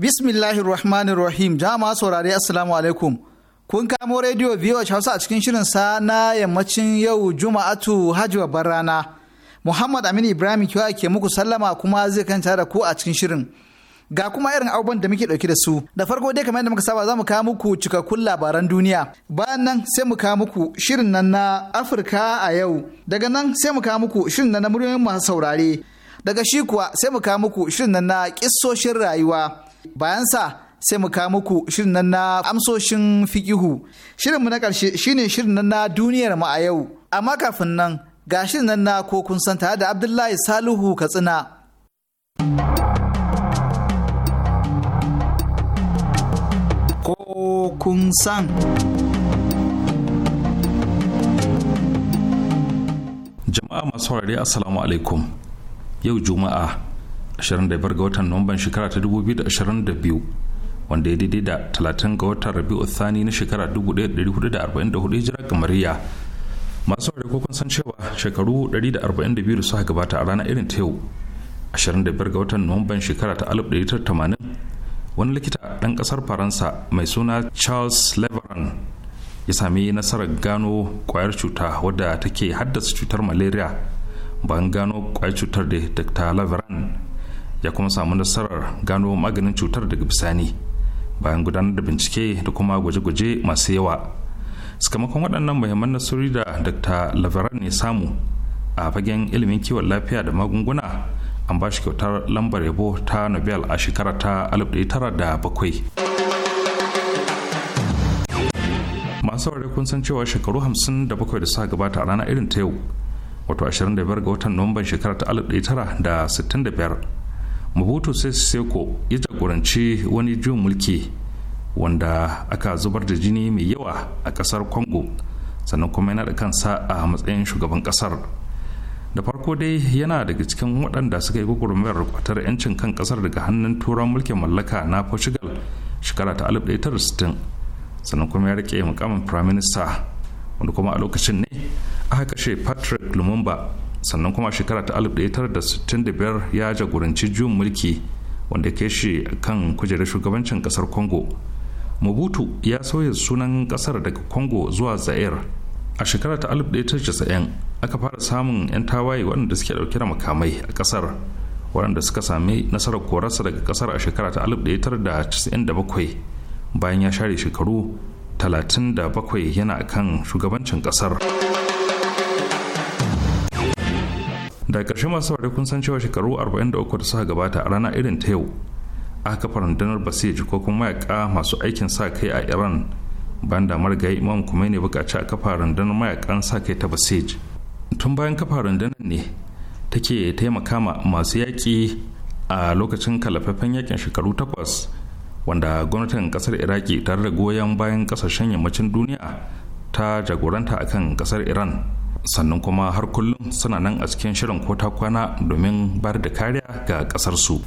Bismillahir Rahmanir Rahim. Jama'a Assalamu alaikum. Kun kamo rediyo VOH Hausa a cikin shirin sa na yammacin yau Juma'atu Hajji babbar rana. Muhammad Aminu Ibrahim kiwa ke muku sallama kuma zai kanta da ku a cikin shirin. Ga kuma irin abubuwan da muke dauke da su. Da farko dai kamar yadda muka saba za mu kawo muku cikakkun labaran duniya. Bayan nan sai mu kawo muku shirin nan na Afirka a yau. Daga nan sai mu kawo muku shirin nan na muryoyin masu saurare. Daga shi kuwa sai mu kawo muku shirin nan na kissoshin rayuwa. bayansa sai mu kawo muku shirin nan na amsoshin fikihu shirinmu na ƙarshe shine shirin nan na duniyar mu a yau amma kafin nan ga shirin nan na ko kun san tare da abdullahi salihu katsina ko kun san jama'a masu saurari assalamu alaikum yau juma'a 25 ga watan nuwamban shekara ta 2022 wanda ya daidai da 30 ga watan rabi'u thani na shekara 1444 hijira kamariya masu wari kokon san cewa shekaru 142 da suka gabata a ranar irin ta yau 25 ga watan nuwamban shekara ta 1980 wani likita ɗan ƙasar faransa mai suna charles leveran ya sami nasarar gano kwayar cuta wadda take haddasa cutar malaria bayan gano kwayar cutar da dr laveran ya kuma samu nasarar gano maganin cutar daga bisani bayan gudanar da bincike da kuma gwaje-gwaje masu yawa sakamakon waɗannan muhimman nasarori da dr laveran ne samu a fagen ilimin kiwon lafiya da magunguna an ba shi kyautar lambar yabo ta nobel a shekara ta 1907 masu saurare kun san cewa shekaru 57 da suka gabata a ranar irin ta yau wato 25 ga watan nuwamban shekara ta 1965 mabutu seko ya jagoranci wani juyin mulki wanda aka zubar da jini mai yawa a kasar congo sannan kuma yana da kansa a matsayin shugaban kasar da farko dai yana daga cikin waɗanda suka yi gwagwarmayar kwatar 'yancin kan kasar daga hannun turan mulkin mallaka na portugal shekara ta 1960 sannan kuma ya rike mukamin firaminista minister wanda kuma a lokacin ne aka kashe patrick lumumba sannan kuma shekara ta 1965 ya jagoranci juyin mulki wanda ke shi kan kujerar shugabancin kasar congo mobutu ya sauya sunan kasar daga congo zuwa zaire a shekara ta 1990 aka fara samun 'yan tawaye waɗanda suke ɗauke da makamai a kasar waɗanda suka sami nasarar korarsa daga kasar a shekara ta 1997 bayan ya share shekaru 37 yana kan shugabancin kasar. da ƙarshe masu saurari kun san cewa shekaru 43 da suka gabata a rana irin ta yau aka rundunar basij ko kuma mayaka masu aikin sa kai a iran bayan da marigayi imam kuma ne bukaci a kafa rundunar mayakan sa kai ta basij tun bayan kafa rundunar ne take taimaka ma masu yaƙi a lokacin kalafafen yakin shekaru takwas wanda gwamnatin kasar iraki tare da goyon bayan kasashen yammacin duniya ta jagoranta akan kasar iran sannan kuma har kullum suna nan a cikin shirin ko ta kwana domin bayar da kariya ga ƙasarsu.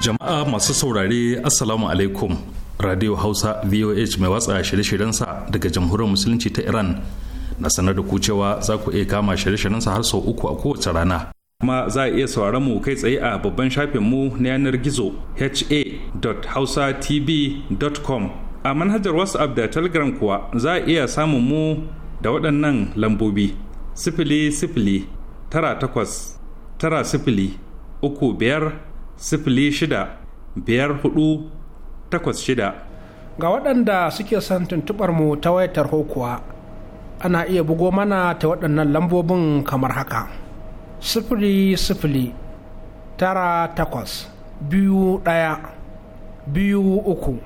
jama'a masu saurare assalamu alaikum radio hausa voh mai watsa shirye-shiryensa daga jamhuriyar musulunci ta iran na sanar da ku cewa za ku iya kama shirye-shiryen sa har sau uku a kowace rana kuma za a iya sauraron mu kai tsaye a babban shafin mu na yanar gizo ha.hausa.tv.com a manhajar whatsapp da telegram kuwa za a iya samun mu da waɗannan lambobi sifili sifili tara takwas tara sifili uku biyar sifili shida biyar hudu takwas shida ga waɗanda suke son tuntuɓar mu ta wayar tarho kuwa ana iya bugo mana ta waɗannan lambobin kamar haka sifili sifili tara takwas biyu ɗaya biyu uku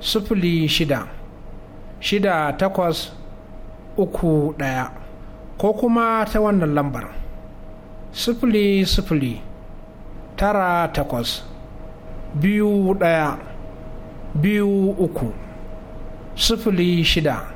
sifili shida shida takwas uku ɗaya ko kuma ta wannan lambar sifili sifili tara takwas biyu ɗaya biyu uku sifili shida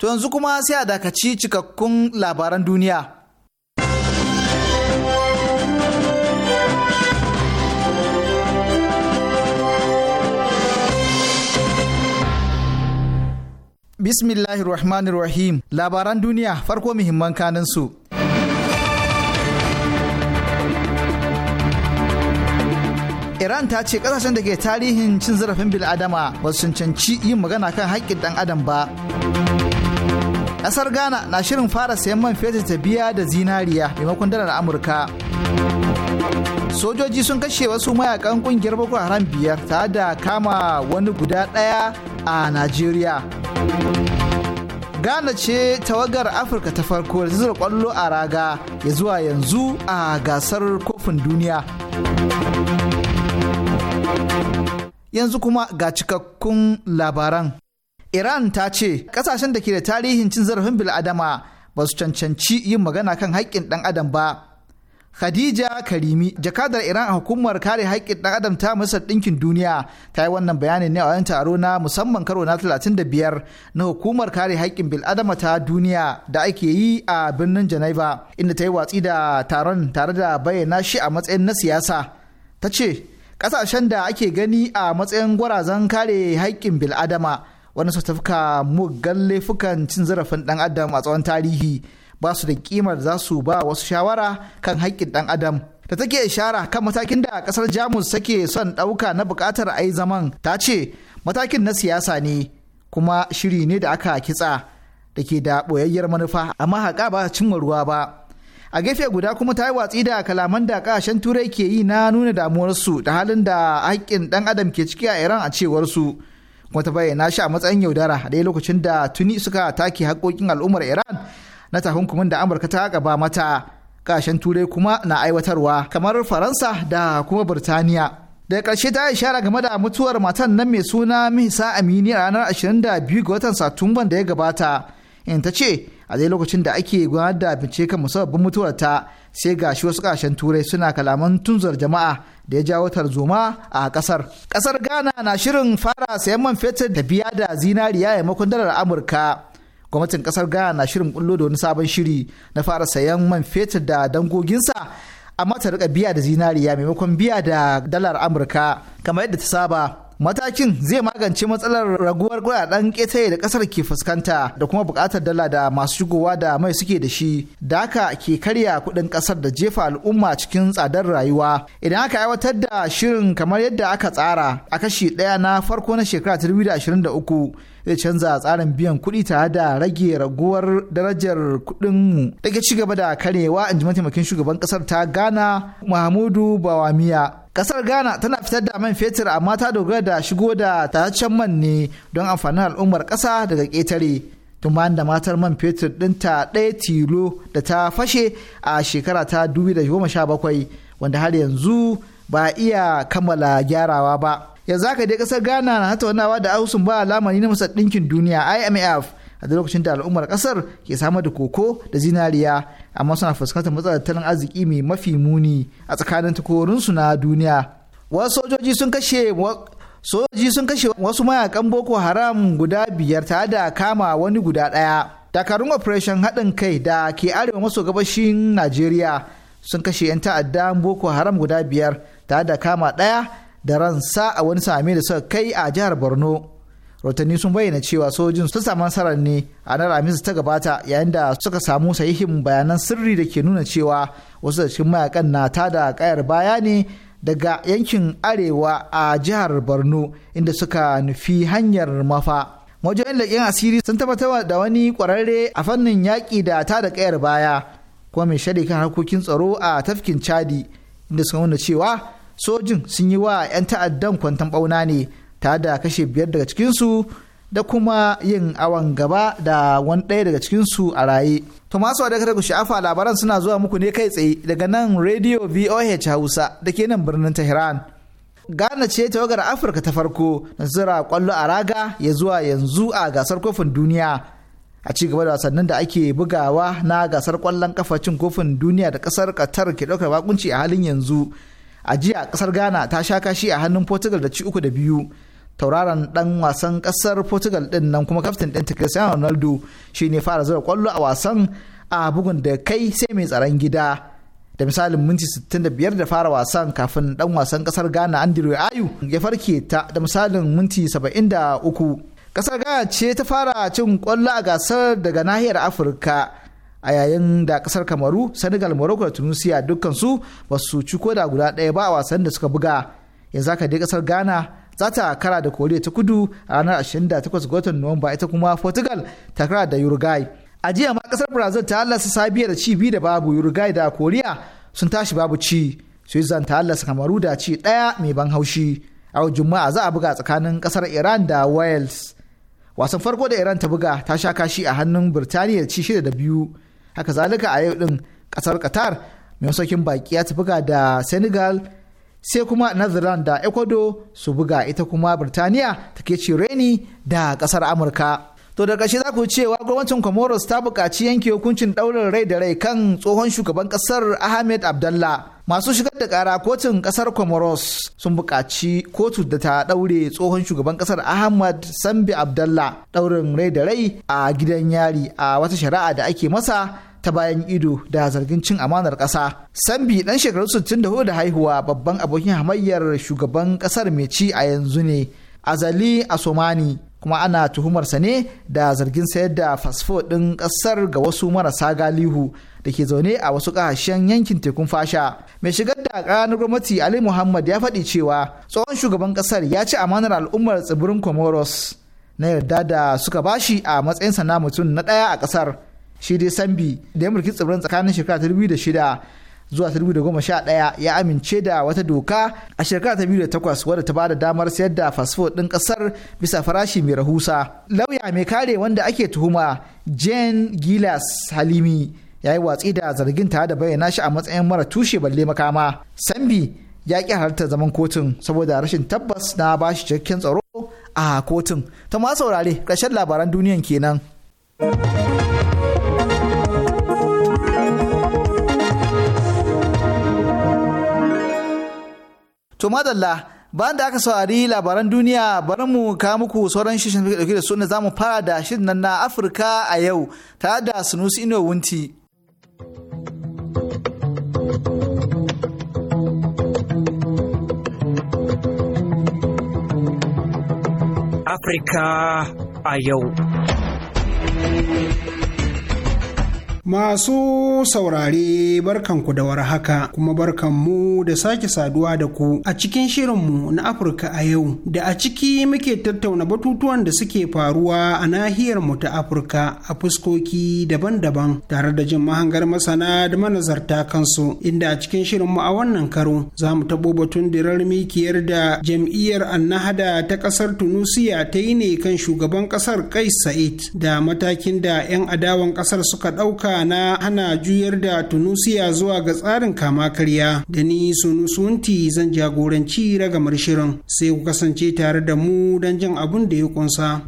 To yanzu kuma sai a dakaci cikakkun labaran duniya. Bismillahir Rahmanir Rahim labaran duniya farko muhimman kanin su. Iran ta ce kasashen da ke tarihin cin zarafin bil'adama ba su cancanci yin magana kan haƙƙin ɗan adam ba. Ƙasar Ghana na shirin fara sayan man fetur ta biya da zinariya maimakon dalar Amurka. Sojoji sun kashe wasu mayakan ƙungiyar Boko Haram biyar tare da kama wani guda ɗaya a Najeriya. Ghana ce tawagar Afirka ta farko da zura kwallo a raga ya zuwa yanzu a gasar kofin duniya. Yanzu kuma ga cikakkun labaran. Iran ta ce kasashen da ke da tarihin cin zarafin bil'adama ba su cancanci yin magana kan haƙƙin ɗan adam ba. Khadija Karimi, jakadar Iran a hukumar kare haƙƙin ɗan adam ta Majalisar Ɗinkin Duniya, ta yi wannan bayani ne a wani taro na musamman karo na 35 na hukumar kare haƙƙin bil'adama ta duniya da ake yi a birnin Geneva, inda ta yi watsi da taron tare da bayyana shi a matsayin na siyasa. Ta ce, ƙasashen da ake gani a matsayin gwarazan kare haƙƙin bil'adama waɗanda suka muggan laifukan cin zarafin ɗan adam a tsawon tarihi ba su da kimar za su ba wasu shawara kan haƙƙin ɗan adam da take ishara kan matakin da ƙasar jamus take son ɗauka na buƙatar a yi zaman ta ce matakin na siyasa ne kuma shiri ne da aka kitsa da ke da ɓoyayyar manufa amma haƙa ba cimma ruwa ba a gefe guda kuma ta yi watsi da kalaman da ƙasashen turai ke yi na nuna damuwarsu da halin da haƙƙin ɗan adam ke ciki a iran a cewarsu kuma ta bayyana shi a matsayin yaudara a ɗaya lokacin da tuni suka take haƙoƙin al'ummar iran na takunkumin da amurka ta gaba mata kashen turai kuma na aiwatarwa kamar faransa da kuma birtaniya daga ƙarshe ta shara game da mutuwar matan nan mai suna misa amini a ranar 22 ga watan satumban da ya gabata in ta ce a dai lokacin da ake gudanar da bincike kan musabbabin mutuwar ta sai ga shi wasu kashen turai suna kalaman tunzar jama'a da ya jawo tarzoma a kasar kasar ghana na shirin fara sayan man fetur da biya da zinariya maimakon dalar amurka gwamnatin kasar ghana na shirin kullo da wani sabon shiri na fara sayan man fetur da dangoginsa amma ta rika biya da zinariya maimakon biya da dalar amurka kamar yadda ta saba matakin zai magance matsalar raguwar kudaden ƙetare da ƙasar ke fuskanta da kuma buƙatar dala da masu shigowa da mai suke da shi da haka ke karya kuɗin ƙasar da jefa al'umma cikin tsadar rayuwa idan aka aiwatar da shirin kamar yadda aka tsara a kashi ɗaya na farko na shekara 2023 zai canza tsarin biyan kuɗi tare da rage raguwar darajar kuɗin mu da ci gaba da karewa in ji mataimakin shugaban ƙasar ta gana mahamudu bawamiya kasar ghana tana fitar da man fetur amma ta dogara da shigo da tataccen man ne don amfanin al'ummar ƙasa daga ƙetare tun bayan da matar man fetur ɗinta ɗaya tilo da ta fashe a shekara ta 2017 wanda har yanzu ba iya kammala gyarawa ba yanzu haka dai kasar ghana na tattaunawa da ausun ba lamari na masar ɗinkin duniya imf a lokacin da al'ummar kasar ke samar da koko da zinariya amma suna fuskantar matsalar tattalin arziki mai mafi muni a tsakanin takorinsu na duniya wasu sojoji sun kashe sojoji sun kashe wasu mayakan boko haram guda biyar tare da kama wani guda ɗaya dakarun operation haɗin kai da ke arewa maso gabashin najeriya sun kashe 'yan ta'adda boko haram guda biyar tare da kama ɗaya da ransa a wani sami da suka kai a jihar borno rotanni sun bayyana cewa sojin sun samu nasarar ne a ranar alhamis ta gabata yayin da suka samu sahihin bayanan sirri da ke nuna cewa wasu da cikin mayakan na tada kayar baya ne daga yankin arewa a jihar borno inda suka nufi hanyar mafa majiyoyin laƙin asiri sun tabbatar da wani ƙwararre a fannin yaƙi da ta da kayar baya kuma mai shari kan harkokin tsaro a tafkin chadi inda suka nuna cewa sojin sun yi wa 'yan ta'addan kwantan ɓauna ne ta da kashe biyar daga cikinsu da kuma yin awon gaba da wani ɗaya daga cikinsu a raye. To masu da ku sha'afa labaran suna zuwa muku ne kai tsaye daga nan Radio VOH Hausa da ke nan birnin Tehran. Ghana ce tawagar Afirka ta farko na zira kwallo a raga ya zuwa yanzu a gasar kofin duniya. A ci gaba da wasannin da ake bugawa na gasar kwallon kafa cin kofin duniya da kasar Qatar ke ɗaukar bakunci a halin yanzu. A jiya kasar Ghana ta sha kashi a hannun Portugal da ci uku da biyu. tauraron dan wasan kasar portugal din nan kuma kaftin din cristiano ronaldo shine fara zura kwallo a wasan a bugun da kai sai mai tsaron gida da misalin minti 65 da fara wasan kafin dan wasan kasar ghana andrew ayu ya farke ta da misalin minti 73 kasar ghana ce ta fara cin kwallo a gasar daga nahiyar afirka a yayin da kasar kamaru senegal morocco da tunisia dukkansu ba su ci ko da guda ɗaya ba a wasan da suka buga yanzu haka dai kasar ghana za ta kara da koriya ta kudu a ranar 28 ga watan nuwamba ita kuma portugal ta kara da uruguay a jiya ma kasar brazil ta halasta sabiya da ci biyu da babu uruguay da koriya sun tashi babu ci switzerland ta halasta kamaru da ci daya mai ban haushi a juma'a za a buga tsakanin kasar iran da wales wasan farko da iran ta buga ta sha kashi a hannun birtaniya ci shida da biyu haka zalika a yau din kasar qatar mai masaukin baki ya ta buga da senegal sai kuma Netherlands da Ecuador su buga ita kuma Birtaniya take ci reni da kasar Amurka. To da ƙarshe za ku cewa gwamnatin Comoros ta buƙaci yanke hukuncin ɗaurin rai da rai kan tsohon shugaban ƙasar Ahmed Abdallah. Masu shigar da ƙara kotun ƙasar Comoros sun buƙaci kotu da ta ɗaure tsohon shugaban ƙasar Ahmad Sambi Abdallah ɗaurin rai da rai a gidan yari a wata shari'a da ake masa ta bayan ido da zargin cin amanar ƙasa. Sambi ɗan shekaru 64 da haihuwa babban abokin hamayyar shugaban ƙasar mai ci a yanzu ne. Azali Asomani kuma ana tuhumarsa ne da zargin sayar da fasfo ɗin ƙasar ga wasu marasa galihu da ke zaune a wasu kashen yankin tekun fasha. Mai shigar da ƙananan gwamnati Ali Muhammad ya faɗi cewa tsohon shugaban ƙasar ya ci amanar al'ummar tsibirin Comoros na yarda da suka bashi a matsayinsa na mutum na ɗaya a ƙasar. shi dai sambi da ya mulki tsibirin tsakanin shekara ta da shida zuwa ta ɗaya ya amince da wata doka a shekara ta biyu da takwas wadda ta bada damar sayar da fasfo ɗin ƙasar bisa farashi mai rahusa lauya mai kare wanda ake tuhuma jane gilas halimi ya yi watsi da zargin tare da bayyana shi a matsayin mara tushe balle makama sambi ya ƙi halarta zaman kotun saboda rashin tabbas na bashi cikakken tsaro a kotun ta ma saurare ƙarshen labaran duniyan kenan. to madalla bayan da aka saurari labaran duniya bari mu kawo muku sauran shirin da dauke da su za mu fara da shirin nan na afirka a yau tare da sunusi ino wunti afirka a yau Masu saurare barkanku da war haka kuma barkanmu da sake saduwa da ku a cikin shirinmu na Afirka a yau da a ciki muke tattauna batutuwan da suke faruwa a nahiyar mu ta Afirka a fuskoki daban-daban tare da jin mahangar masana da manazarta kansu inda a cikin shirinmu a wannan karo za mu tabo batun dirar mikiyar da jam'iyyar annahada ta kasar Tunusiya ta yi ne kan shugaban kasar Kais Sa'id da matakin da 'yan adawan kasar suka ɗauka na hana juyar da tunusiya zuwa ga tsarin kama karya da ni sunusunti zan jagoranci ragamar shirin sai ku kasance tare da mu don jin abin da ya kunsa.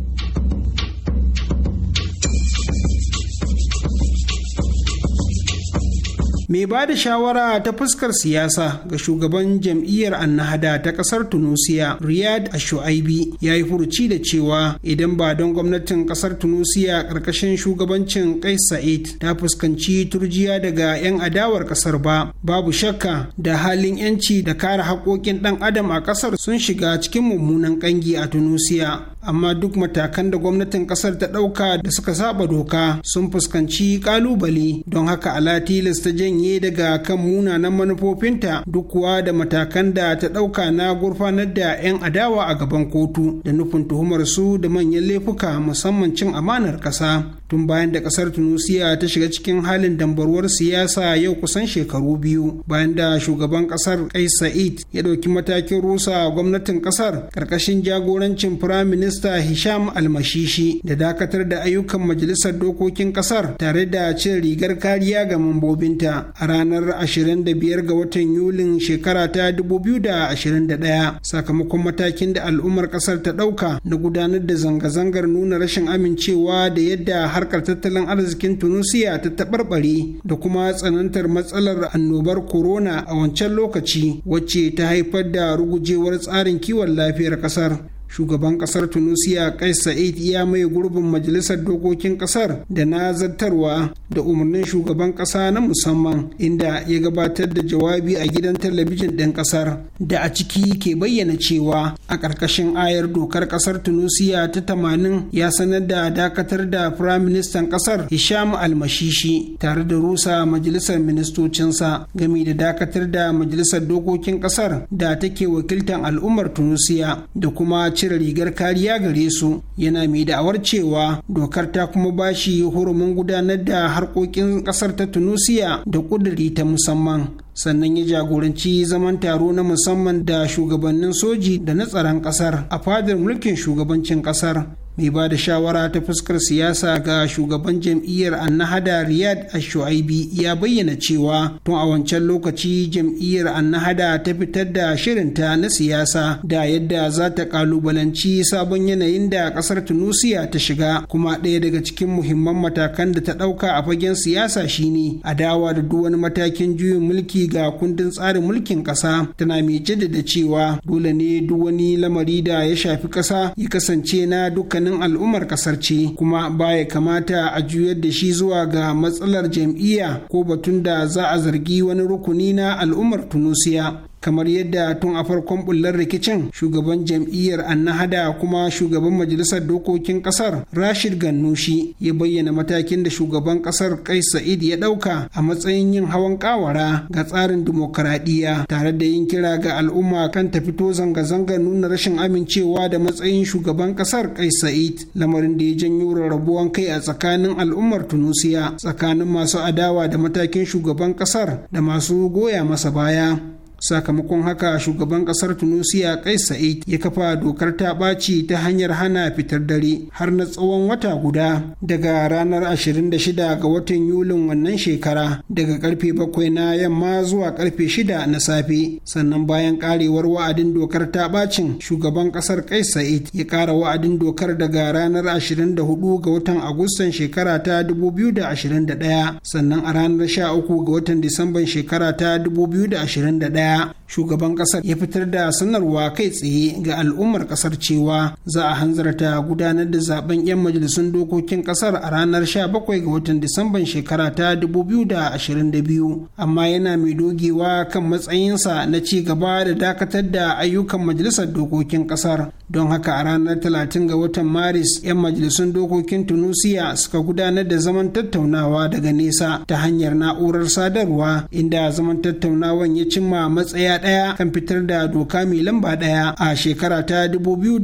mai ba da shawara ta fuskar siyasa ga shugaban jam'iyyar annahada ta kasar tunusiya riyad ashu'aibi ya yi furuci da cewa idan ba don gwamnatin kasar tunusiya karkashin shugabancin kais sa'id ta fuskanci turjiya daga 'yan adawar kasar ba babu shakka da halin 'yanci da kare haƙoƙin ɗan adam a kasar sun shiga cikin mummunan ƙangi a tunusiya amma duk matakan da gwamnatin kasar ta ɗauka da suka saba doka sun fuskanci ƙalubale don haka ala tilasta ta janye daga kan munanan manufofinta duk kuwa da matakan da ta ɗauka na gurfanar da 'yan adawa a gaban kotu da nufin tuhumar su da manyan laifuka musamman cin amanar ƙasa tun bayan da ƙasar tunisia ta shiga cikin halin dambarwar siyasa yau kusan shekaru biyu bayan da shugaban ƙasar kai sa'id ya ɗauki matakin rusa gwamnatin ƙasar ƙarƙashin jagorancin firaminista Minista Hisham Almashishi da dakatar da ayyukan Majalisar Dokokin kasar tare da cin rigar kariya ga mambobinta a ranar 25 ga watan Yulin shekara ta 2021 sakamakon matakin da al'ummar kasar ta ɗauka na gudanar da zanga-zangar nuna rashin amincewa da yadda harkar tattalin arzikin Tunusiya ta taɓarɓare da kuma tsanantar matsalar annobar corona a wancan lokaci wacce ta haifar da rugujewar tsarin kiwon lafiyar kasar shugaban kasar tunisia kais sa'id ya mai gurbin majalisar dokokin kasar da na zartarwa da umarnin shugaban kasa na musamman inda ya gabatar da jawabi a gidan talabijin ɗin kasar da a ciki ke bayyana cewa a ƙarƙashin ayar dokar kasar tunisia ta tamanin ya sanar da dakatar da firayim ministan kasar hisham almashishi tare da rusa majalisar ministocinsa game da dakatar da majalisar dokokin kasar da take wakiltar al'ummar tunisia da kuma cire rigar kariya gare su yana mai da'awar cewa dokar ta kuma bashi shi hurumin gudanar da harkokin kasar ta tunisia da kuduri ta musamman sannan ya jagoranci zaman taro na musamman da shugabannin soji da na tsaron kasar a fadar mulkin shugabancin kasar mai ba da shawara ta fuskar siyasa ga shugaban jam'iyyar annahada riyad ashu'aibi ya bayyana cewa tun a wancan lokaci jam'iyyar annahada ta fitar da shirinta na siyasa da yadda za ta kalubalanci sabon yanayin da kasar tunusiya ta shiga kuma ɗaya daga cikin muhimman matakan da ta ɗauka a fagen siyasa shine a dawa da duk wani matakin juyin mulki ga kundin tsarin mulkin ƙasa tana mai jaddada cewa dole ne duk wani lamari da ya shafi ƙasa ya kasance na dukkanin al'ummar ƙasar ce kuma ba ya kamata a juyar da shi zuwa ga matsalar jam'iyya ko batun da za a zargi wani rukuni na al'ummar tunusiya kamar yadda tun a farkon bullar rikicin shugaban jam'iyyar annahada kuma shugaban majalisar dokokin kasar rashid gannushi ya bayyana matakin da shugaban kasar kai sa'id ya dauka a matsayin yin hawan kawara ga tsarin dimokuraɗiyya tare da yin kira ga al'umma kan ta fito zanga-zangar nuna rashin amincewa da matsayin shugaban kasar kai sa'id lamarin da ya janyo rarrabuwan kai a tsakanin al'ummar tunusiya tsakanin masu adawa da matakin shugaban kasar da masu goya masa baya sakamakon haka shugaban kasar tunisia kais sa'id ya kafa dokar ta ɓaci ta hanyar hana fitar dare har na tsawon wata guda daga ranar 26 ga watan yulin wannan shekara daga karfe 7 na yamma zuwa karfe 6 na safe sannan bayan karewar wa'adin dokar ta ɓacin shugaban kasar kais sa'id ya ƙara wa'adin dokar daga ranar 24 ga watan agustan shekara ta 2021 sannan a ranar 13 ga watan disamban shekara ta 2021 baya shugaban kasar ya fitar da sanarwa kai tsaye ga al'ummar kasar cewa za a hanzarta gudanar da zaben 'yan majalisun dokokin kasar a ranar 17 ga watan disamban shekara ta 2022 amma yana mai dogewa kan matsayinsa na ci gaba da dakatar da ayyukan majalisar dokokin kasar don haka a ranar 30 ga watan maris 'yan majalisun dokokin tunusiya suka gudanar da zaman tattaunawa daga nesa ta hanyar na'urar sadarwa inda zaman tattaunawan ya cimma matsaya ɗaya kan fitar da doka mai lamba ɗaya a shekara ta 2022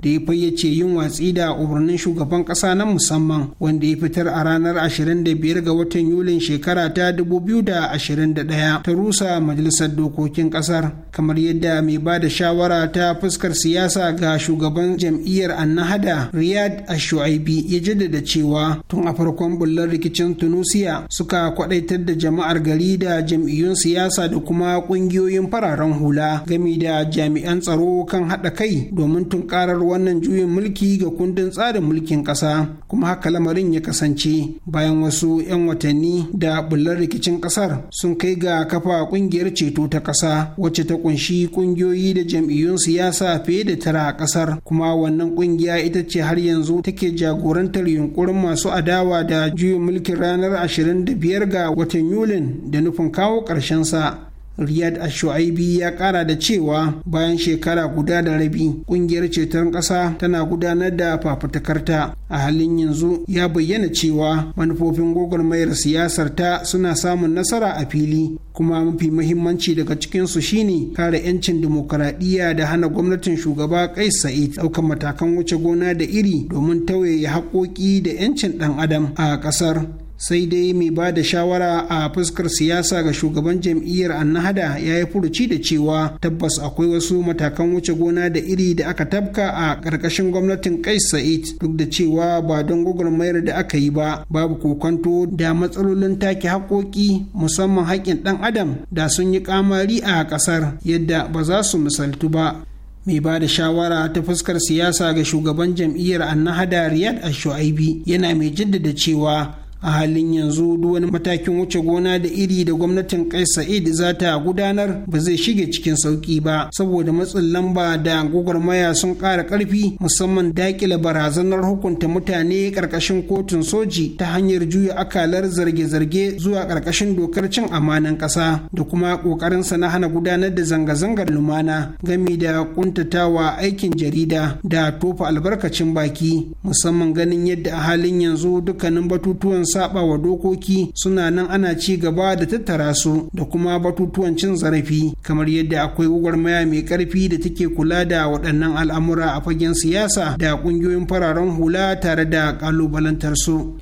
da ya fayyace yin watsi da umarnin shugaban ƙasa na musamman wanda ya fitar a ranar 25 ga watan Yulin shekara ta 2021 ta rusa majalisar dokokin ƙasar kamar yadda mai ba da shawara ta fuskar siyasa ga shugaban jam'iyyar annahada Riyad Ashu'aibi ya jaddada cewa tun a farkon bullar rikicin Tunusiya suka kwadaitar da jama'ar gari da jam'iyyun siyasa da kuma kungiyoyin fararen hula gami da jami'an tsaro kan haɗa kai domin tunkarar wannan juyin mulki ga kundin tsarin mulkin ƙasa kuma haka lamarin ya kasance bayan wasu 'yan watanni da bullar rikicin ƙasar sun kai ga kafa kungiyar ceto ta ƙasa wacce ta kunshi kungiyoyi da jam'iyyun siyasa fiye da tara a ƙasar kuma wannan kungiya ita ce har yanzu take jagorantar yunkurin masu adawa da juyin mulkin ranar 25 ga watan yulin da nufin kawo ƙarshensa Riyad Ashu'aibi ya kara da cewa bayan shekara guda da rabi kungiyar ceton ƙasa tana gudanar da fafutukarta a halin yanzu ya bayyana cewa manufofin gwagwarmayar siyasar ta suna samun nasara a fili kuma mafi mahimmanci daga cikinsu shine kare 'yancin dimokuraɗiyya da hana gwamnatin shugaba Kais Sa'id ɗaukar matakan wuce gona da iri domin tauye haƙoƙi da 'yancin ɗan adam a ƙasar sai dai mai ba da shawara a fuskar siyasa ga shugaban jam'iyyar annahada ya yi furuci da cewa tabbas akwai wasu matakan wuce gona da iri da aka tabka a ƙarƙashin gwamnatin kais sa'id duk da cewa ba don gwagwarmayar da aka yi ba babu kokonto da matsalolin take haƙoƙi musamman haƙƙin ɗan adam da sun yi ƙamari a ƙasar yadda ba za su misaltu ba mai ba da shawara ta fuskar siyasa ga shugaban jam'iyyar annahada riyad ashu'aibi yana mai jaddada cewa a halin yanzu duk wani matakin wuce gona da iri da gwamnatin kai sa'id za ta gudanar ba zai shige cikin sauki ba saboda matsin lamba da gwagwarmaya sun ƙara ƙarfi musamman daƙile barazanar hukunta mutane ƙarƙashin kotun soji ta hanyar juya akalar zarge-zarge zuwa ƙarƙashin dokar cin amanan ƙasa da kuma ƙoƙarinsa na hana gudanar da zanga-zangar lumana gami da ƙuntatawa aikin jarida da tofa albarkacin baki musamman ganin yadda a halin yanzu dukkanin batutuwan saba wa dokoki suna nan ana ci gaba da tattara su da kuma batutuwan cin zarafi kamar yadda akwai gwagwarmaya mai karfi da take kula da waɗannan al'amura a fagen siyasa da ƙungiyoyin fararen hula tare da ƙalubalantar su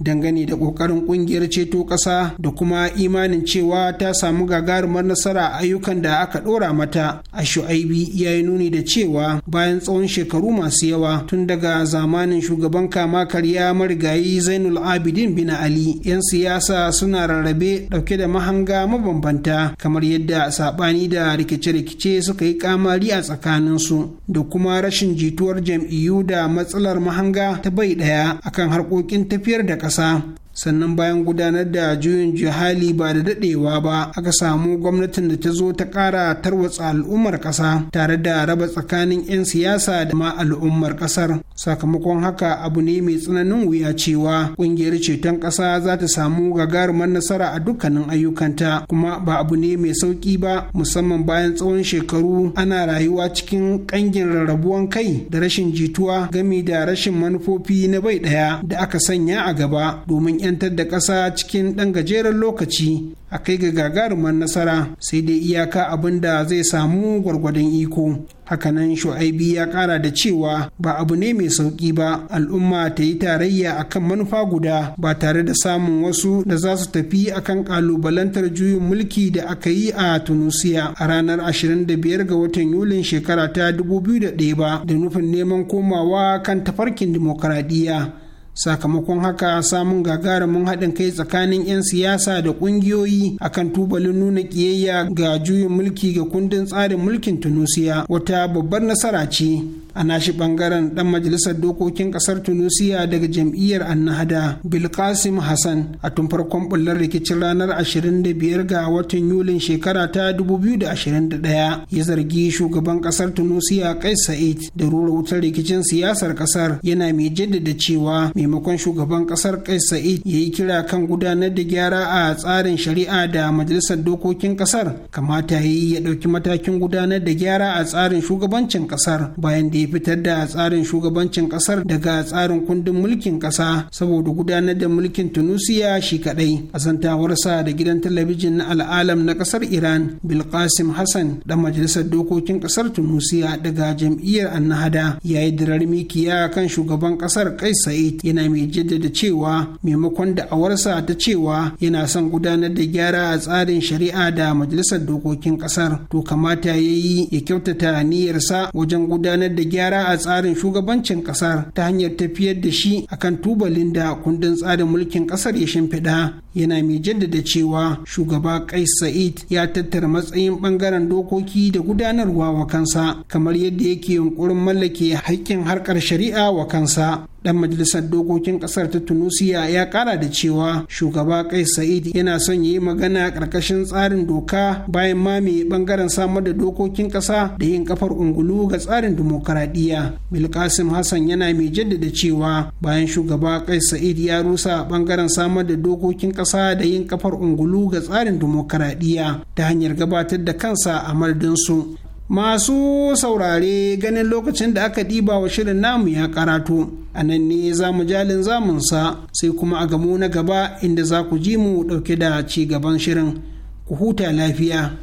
dangane da kokarin kungiyar ceto kasa da kuma imanin cewa ta samu gagarumar nasara ayyukan da aka ɗora mata a shu'aibi ya yi nuni da cewa bayan tsawon shekaru masu yawa tun daga zamanin shugaban kama karya marigayi zainul abidin bin ali 'yan siyasa suna rarrabe dauke da mahanga mabambanta kamar yadda saɓani da rikice-rikice suka yi kamari a tsakaninsu da kuma rashin jituwar jam'iyyu da matsalar mahanga ta bai ɗaya akan harkokin tafiyar da ƙasa sannan bayan gudanar da juyin jihali ba da dadewa ba aka samu gwamnatin da ta zo ta kara tarwatsa al'ummar kasa tare da raba tsakanin 'yan siyasa da ma al'ummar kasar sakamakon haka abu ne mai tsananin wuya cewa kungiyar ceton kasa za ta samu gagarumar nasara a dukkanin ayyukanta kuma ba abu ne mai sauki ba musamman bayan tsawon shekaru ana rayuwa cikin kangin rarrabuwan kai da rashin jituwa gami da rashin manufofi na bai daya da aka sanya a gaba domin 'yantar da ƙasa cikin ɗan gajeren lokaci a kai ga gagarumar nasara sai dai iyaka abin da zai samu gwargwadon iko hakanan shu'aibi ya ƙara da cewa ba abu ne mai sauƙi ba al'umma ta yi tarayya akan manufa guda ba tare da samun wasu da za su tafi akan ƙalubalantar juyin mulki da aka yi a tunusiya a ranar 25 ga watan yulin shekara ta 2001 ba da nufin neman komawa kan tafarkin dimokuraɗiyya sakamakon haka samun gagarumin haɗin kai tsakanin 'yan siyasa da ƙungiyoyi akan tubalin nuna ƙiyayya ga juyin mulki ga kundin tsarin mulkin tunusiya wata babbar nasara ce a nashi bangaren dan majalisar dokokin kasar Tunisiya daga jam'iyyar annahada bilkasim hassan a tun farkon bullar rikicin ranar 25 ga watan yulin shekara ta 2021 ya zargi shugaban kasar Tunisiya kai sa'id da rura wutar rikicin siyasar kasar yana mai jaddada cewa maimakon shugaban kasar kai sa'id ya yi kira kan gudanar da gyara a tsarin shari'a da majalisar dokokin kasar kamata ya yi ya ɗauki matakin gudanar da gyara a tsarin shugabancin kasar bayan da fitar da tsarin shugabancin kasar daga tsarin kundin mulkin kasa saboda gudanar da mulkin tunusiya shi kadai a santawarsa da gidan talabijin na al'alam na kasar iran bilkasim hassan da majalisar dokokin kasar tunusiya daga jam'iyyar annahada ya yi dirar mikiya kan shugaban kasar kai sa'id yana mai jaddada cewa maimakon da awarsa ta cewa yana son gudanar da gyara a tsarin shari'a da majalisar dokokin kasar to kamata ya yi ya kyautata niyyarsa wajen gudanar da gyara a tsarin shugabancin kasar ta hanyar tafiyar da shi akan tubalin da kundin tsarin mulkin kasar ya shimfiɗa yana mai jaddada cewa shugaba kais sa'id ya tattara matsayin bangaren dokoki da gudanarwa wa kansa kamar yadda yake yunkurin mallake haƙƙin harkar shari'a wa kansa dan majalisar dokokin kasar ta tunusiya ya kara da cewa shugaba kai sa'id yana son yi magana ƙarƙashin tsarin doka bayan mame bangaren samar da dokokin ƙasa da yin kafar ungulu ga tsarin dimokuraɗiyya milkasim hassan yana mai jaddada cewa bayan shugaba kai sa'id ya rusa bangaren samar da dokokin kasa kasa da yin kafar ungulu ga tsarin dimokuraɗiyya ta hanyar gabatar da kansa a su masu saurare ganin lokacin da aka ɗiba wa shirin namu ya karatu a nan ne za mu jalin zamunsa sai kuma a gamo na gaba inda za ku ji mu ɗauke da ci gaban shirin ku huta lafiya.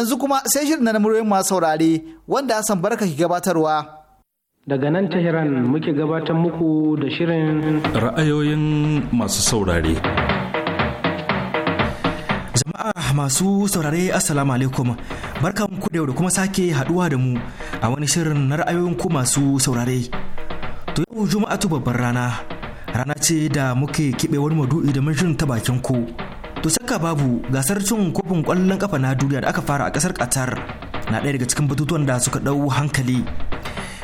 yanzu kuma sai shirin na muryoyin masu saurare wanda Hassan barka ki gabatarwa. Daga nan Tehran muke gabatar muku da shirin ra'ayoyin masu saurare. Jama'a masu saurare Assalamu alaikum barkan ku da kuma sake haduwa da mu a wani shirin na ra'ayoyin ku masu saurare. To yau Juma'atu babbar rana rana ce da muke kibe wani madu'i da mun shirin ta bakin ku. To saka babu gasar cin kofin ƙwallon ƙafa na duniya da aka fara a ƙasar Qatar na ɗaya daga cikin batutuwan da suka ɗau hankali.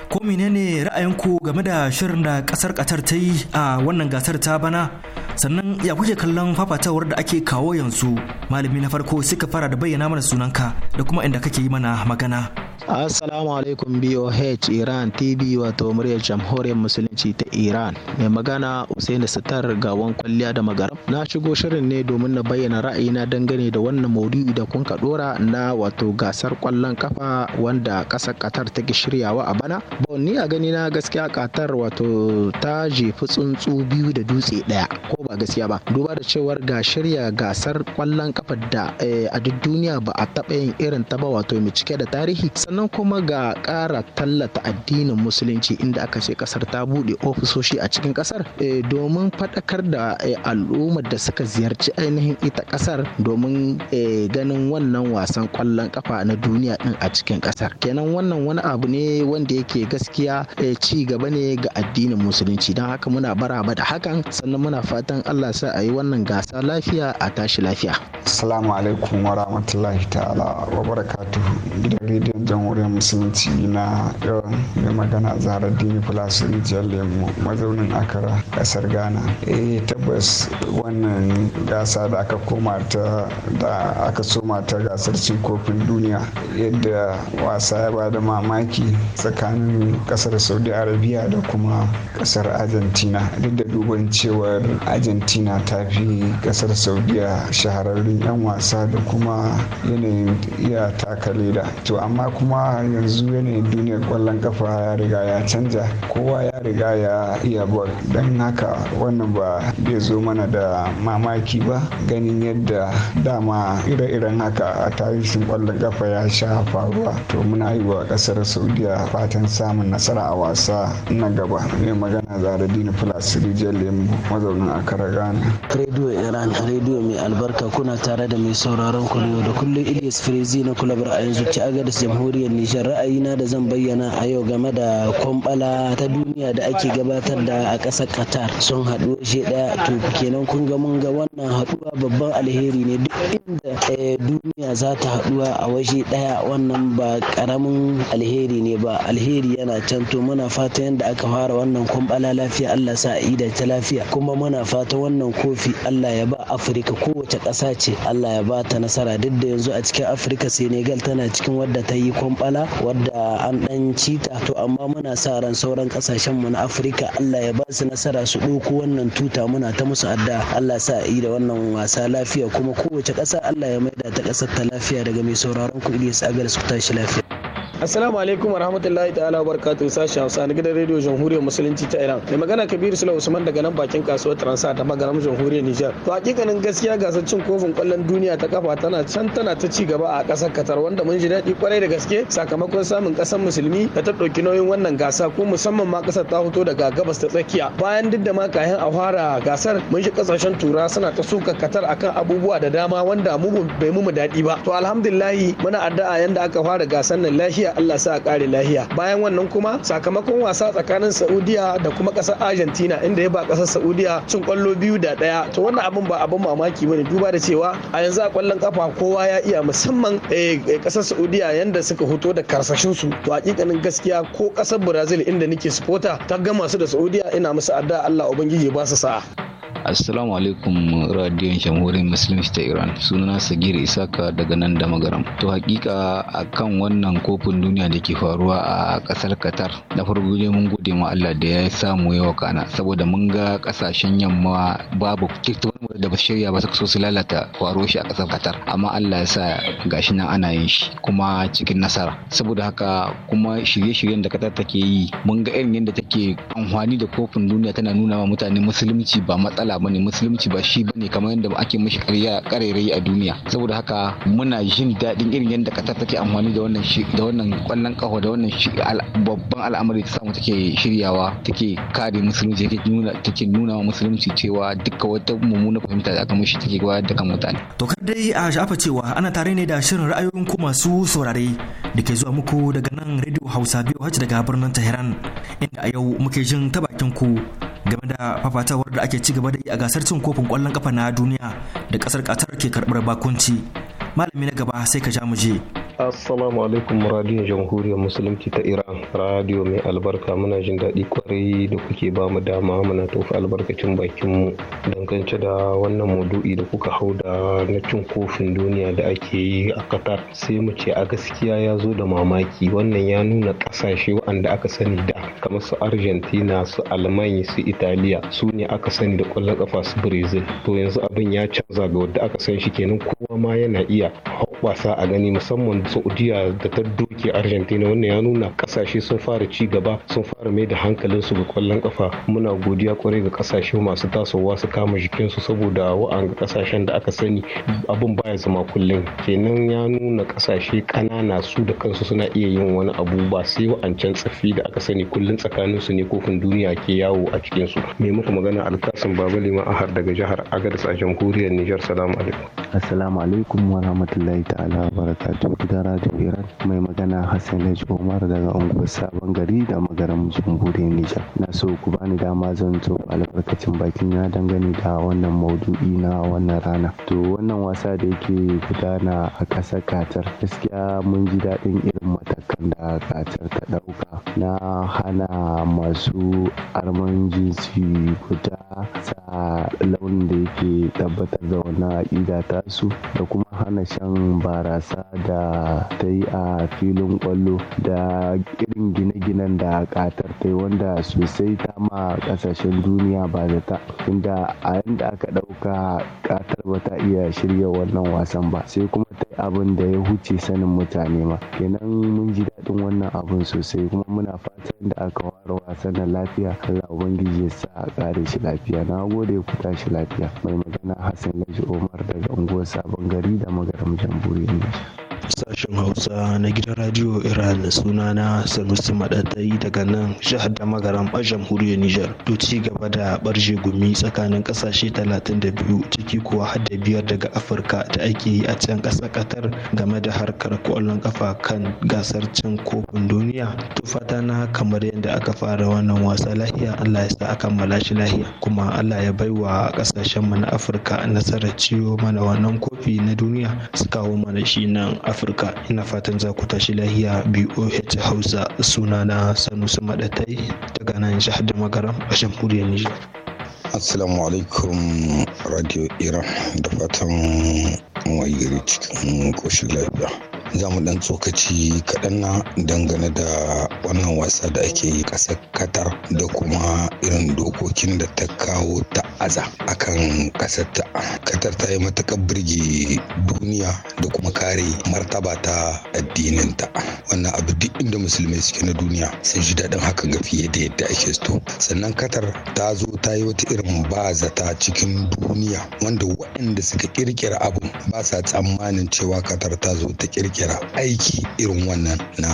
Ko menene ra'ayinku game da shirin da ƙasar Qatar ta yi a wannan gasar ta bana? sannan ya kuke kallon fafatawar da ake kawo yanzu malami na farko suka fara da bayyana mana sunanka da kuma inda kake yi mana magana Assalamu alaikum BOH Iran TV wato muryar jamhuriyar musulunci ta Iran. Mai magana Usain Sitar gawon kwalliya da magaram. Na shigo shirin ne domin na bayyana ra'ayina dangane da wannan maudu'i da kun dora na wato gasar kwallon kafa wanda ƙasar Qatar take shiryawa a bana. Bon ni a gani na gaskiya Qatar wato ta jefi tsuntsu biyu da dutse ɗaya. Ko ba gaskiya ba duba da cewar ga shirya gasar kwallon kafa da eh, a duk duniya ba a taɓa yin irin ta ba wato mai cike da tarihi sannan kuma ga ƙara tallata addinin musulunci inda aka ce kasar ta buɗe ofisoshi a cikin kasar eh, domin faɗakar da eh, al'ummar da suka ziyarci ainihin ita kasar domin ganin wannan wasan kwallon kafa na duniya din a cikin kasar kenan wannan wani abu ne wanda yake gaskiya ci gaba ne ga addinin musulunci don haka muna baraba da hakan sannan muna fatan fatan Allah sa a yi wannan gasa lafiya a tashi lafiya. Assalamu alaikum wa rahmatullahi ta'ala wa barakatu gidan rediyon jamhuriyar musulunci na yawan mai magana zarar dini plus rijiyar lemu mazaunin akara kasar ghana eh tabbas wannan gasa da aka koma ta da aka soma ta gasar cin kofin duniya yadda wasa ya bada mamaki tsakanin kasar saudi arabia da kuma kasar argentina duk da duban cewar argentina ta fi kasar saudiya shahararrun 'yan wasa da kuma yanayin iya taka leda to amma kuma yanzu yanayin duniyar kwallon kafa ya riga ya canja kowa ya riga ya iya bol don haka wannan ba bai zo mana da mamaki ba ganin yadda dama ire-iren haka a tarihin kwallon kafa ya sha faruwa to muna yi wa kasar saudiya fatan samun nasara a wasa na gaba mai magana zara dini plus rijiyar lemu mazaunin aka Accra Radio Iran rediyo mai albarka kuna tare da mai sauraron ku da kullum Ilyas Frezi na kulabar a yanzu ci da jamhuriyar Nijar ra'ayina da zan bayyana a yau game da kwambala ta duniya da ake gabatar da a ƙasar Qatar sun haɗu shi ɗaya to kenan kun ga mun ga wannan haɗuwa babban alheri ne duk inda eh, duniya za ta haɗuwa a waje daya wannan ba karamin alheri ne ba alheri yana can to muna fata yadda aka fara wannan kwambala lafiya Allah sa a ta lafiya kuma muna fata fata wannan kofi allah ya ba afirka kowace ƙasa ce allah ya ba ta nasara duk da yanzu a cikin afirka senegal tana cikin wadda ta yi kwamfala wadda an dan cita to amma muna sa ran sauran kasashen mu na afirka allah ya ba su nasara su ɗauko wannan tuta muna ta musu adda allah sa yi da wannan wasa lafiya kuma kowace ƙasa allah ya maida ta ƙasar ta lafiya daga mai sauraron kuɗi ya tsagar su tashi lafiya Assalamu alaikum warahmatullahi ta'ala barkatu sashi Hausa na gidan rediyo Jamhuriyar Musulunci ta Iran. Mai magana Kabir Sula Usman daga nan bakin kasuwar Transa ta magaram Jamhuriyar Nijar. To hakikanin gaskiya gasar cin kofin kwallon duniya ta kafa tana can tana ta ci gaba a kasar Qatar wanda mun ji daɗi kwarai da gaske sakamakon samun kasar musulmi da ta ɗauki nauyin wannan gasa ko musamman ma kasar ta fito daga gabas ta tsakiya. Bayan duk da ma kayan a fara gasar mun shi kasashen tura suna ta suka Qatar akan abubuwa da dama wanda mu bai mu daɗi ba. To alhamdulillahi muna addu'a yanda aka fara gasar nan lafiya lahiya Allah sa kare lahiya bayan wannan kuma sakamakon wasa tsakanin Saudiya da kuma ƙasar Argentina inda ya ba kasar Saudiya cin kwallo biyu da daya to wannan abin ba abin mamaki bane duba da cewa a yanzu a kwallon kafa kowa ya iya musamman eh, eh, ƙasar Saudiya yanda suka hoto da karsashin su to hakikanin gaskiya ko ƙasar Brazil inda nake supporter ta gama su da Saudiya ina musu addu'a Allah ubangiji ba su sa'a assalamu alaikum radiyon jamhuriyar musulunci ta iran sunana sagir isaka daga nan da magaram to hakika kan wannan kofin duniya da ke faruwa a kasar qatar na farko dai mun gode ma allah da ya samu yawa kana saboda mun ga kasashen yamma babu da ba shirya ba suka so su lalata faro shi a kasar qatar amma allah ya sa gashi nan ana yin shi kuma cikin nasara saboda haka kuma shirye-shiryen da qatar take yi mun ga irin yadda take amfani da kofin duniya tana nuna wa mutane musulunci ba matsala Allah bane musulunci ba shi bane kamar yadda ake mishi ƙarya ƙarairayi a duniya saboda haka muna jin daɗin irin yadda ƙasar take amfani da wannan da wannan ƙwallon ƙaho da wannan babban al'amari ta samu take shiryawa take kare musulunci take nuna take nuna wa musulunci cewa dukkan wata mummuna fahimta da aka mishi take wayar da kan mutane to kar dai a shafa cewa ana tare ne da shirin ra'ayoyin ku masu saurare da ke zuwa muku daga nan radio hausa biyu daga birnin tehran inda a yau muke jin ta bakin ku game da fafatawar da ake cigaba gaba da yi a gasar cin kofin kwallon kafa na duniya da kasar katar ke karbar bakunci. Malami na gaba sai ka ja mu je. Assalamu alaikum radiyon jamhuriyar musulunci ta Iran. Radiyo mai albarka muna jin daɗi kwarai da kuke ba mu dama muna tofa albarkacin bakin mu dangance da wannan maudu'i da kuka hau da na cin kofin duniya da ake yi a Qatar. Sai mu ce a gaskiya ya zo da mamaki wannan ya nuna ƙasashe waɗanda aka sani da kamar su Argentina, su Almanya, su Italiya su ne aka sani da ƙwallon ƙafa su Brazil. To yanzu abin ya canza ga wanda aka san shi kenan kowa ma yana iya hoɓɓasa a gani musamman saudiya da ta doke argentina wannan ya nuna kasashe sun fara ci gaba sun fara mai da hankalin su ga kwallon kafa muna godiya kwarai ga kasashe masu tasowa su kama jikinsu saboda wa'anga kasashen da aka sani abin baya zama kullum kenan ya nuna kasashe kanana su da kansu suna iya yin wani abu ba sai wa'ancan tsaffi da aka sani kullum tsakanin su ne kofin duniya ke yawo a cikin su mai muku magana alkasin babalima ahar daga jihar agadis a jamhuriyar niger salamu alaikum assalamu alaikum wa rahmatullahi ta'ala wa barakatuh ta radio iran mai magana hassan omar daga unguwar sabon gari da magaran jamhuriyar nijar na so ku bani dama zan zo albarkacin bakin na dangane da wannan maudu'i na wannan rana to wannan wasa da yake gudana a ƙasar katar gaskiya mun ji daɗin irin matakan da katar ta ɗauka na hana masu arman jinsi guda sa launin da yake tabbatar da wannan aƙida tasu da kuma hana shan barasa da ta yi a filin kwallo da irin gine-ginen da katar ta wanda sosai ta ma kasashen duniya ba da ta inda a yadda aka dauka katar ba ta iya shirya wannan wasan ba sai kuma ta abin da ya huce sanin mutane ma kenan mun ji daɗin wannan abin sosai kuma muna fatan da aka ware wasan na lafiya Allah ubangiji ya sa a kare shi lafiya na gode ku tashi lafiya mai magana Hassan Laji Omar daga unguwar Sabon Gari da magaram jamhuriyar Nijar sashen Hausa na gidan Radio Iran sunana Sanusi Madatai daga nan jihar Damagaram a jamhuriyar Nijar. To ci gaba da barje gumi tsakanin kasashe 32 ciki kuwa har da biyar daga Afirka da ake yi a can kasa Qatar game da harkar kwallon kafa kan gasar cin kofin duniya. To fata na kamar yadda aka fara wannan wasa lahiya Allah ya sa aka kammala shi lahiya kuma Allah ya bai wa kasashen mu na Afirka nasarar ciyo mana wannan kofi na duniya su kawo mana shi nan Afirka. haka ina fatan za ku tashi lahiya boh hausa sunana na sanusi maɗatai daga nan jihar da magaram a jamhuriyar nijar assalamu alaikum radio iran da fatan wayiri cikin koshin lafiya za mu dan tsokaci kaɗan na dangane da wannan wasa da ake yi ƙasar qatar da kuma irin dokokin da ta kawo ta aza akan ƙasar ta qatar ta yi matakar birge duniya da kuma kare martaba ta addinin ta wannan abu duk inda musulmai suke na duniya sun ji daɗin haka ga fiye da yadda ake so sannan qatar ta zo ta yi wata irin ba zata cikin duniya wanda waɗanda suka ƙirƙira abu ba sa tsammanin cewa qatar ta zo ta ƙirƙira. kira aiki irin wannan na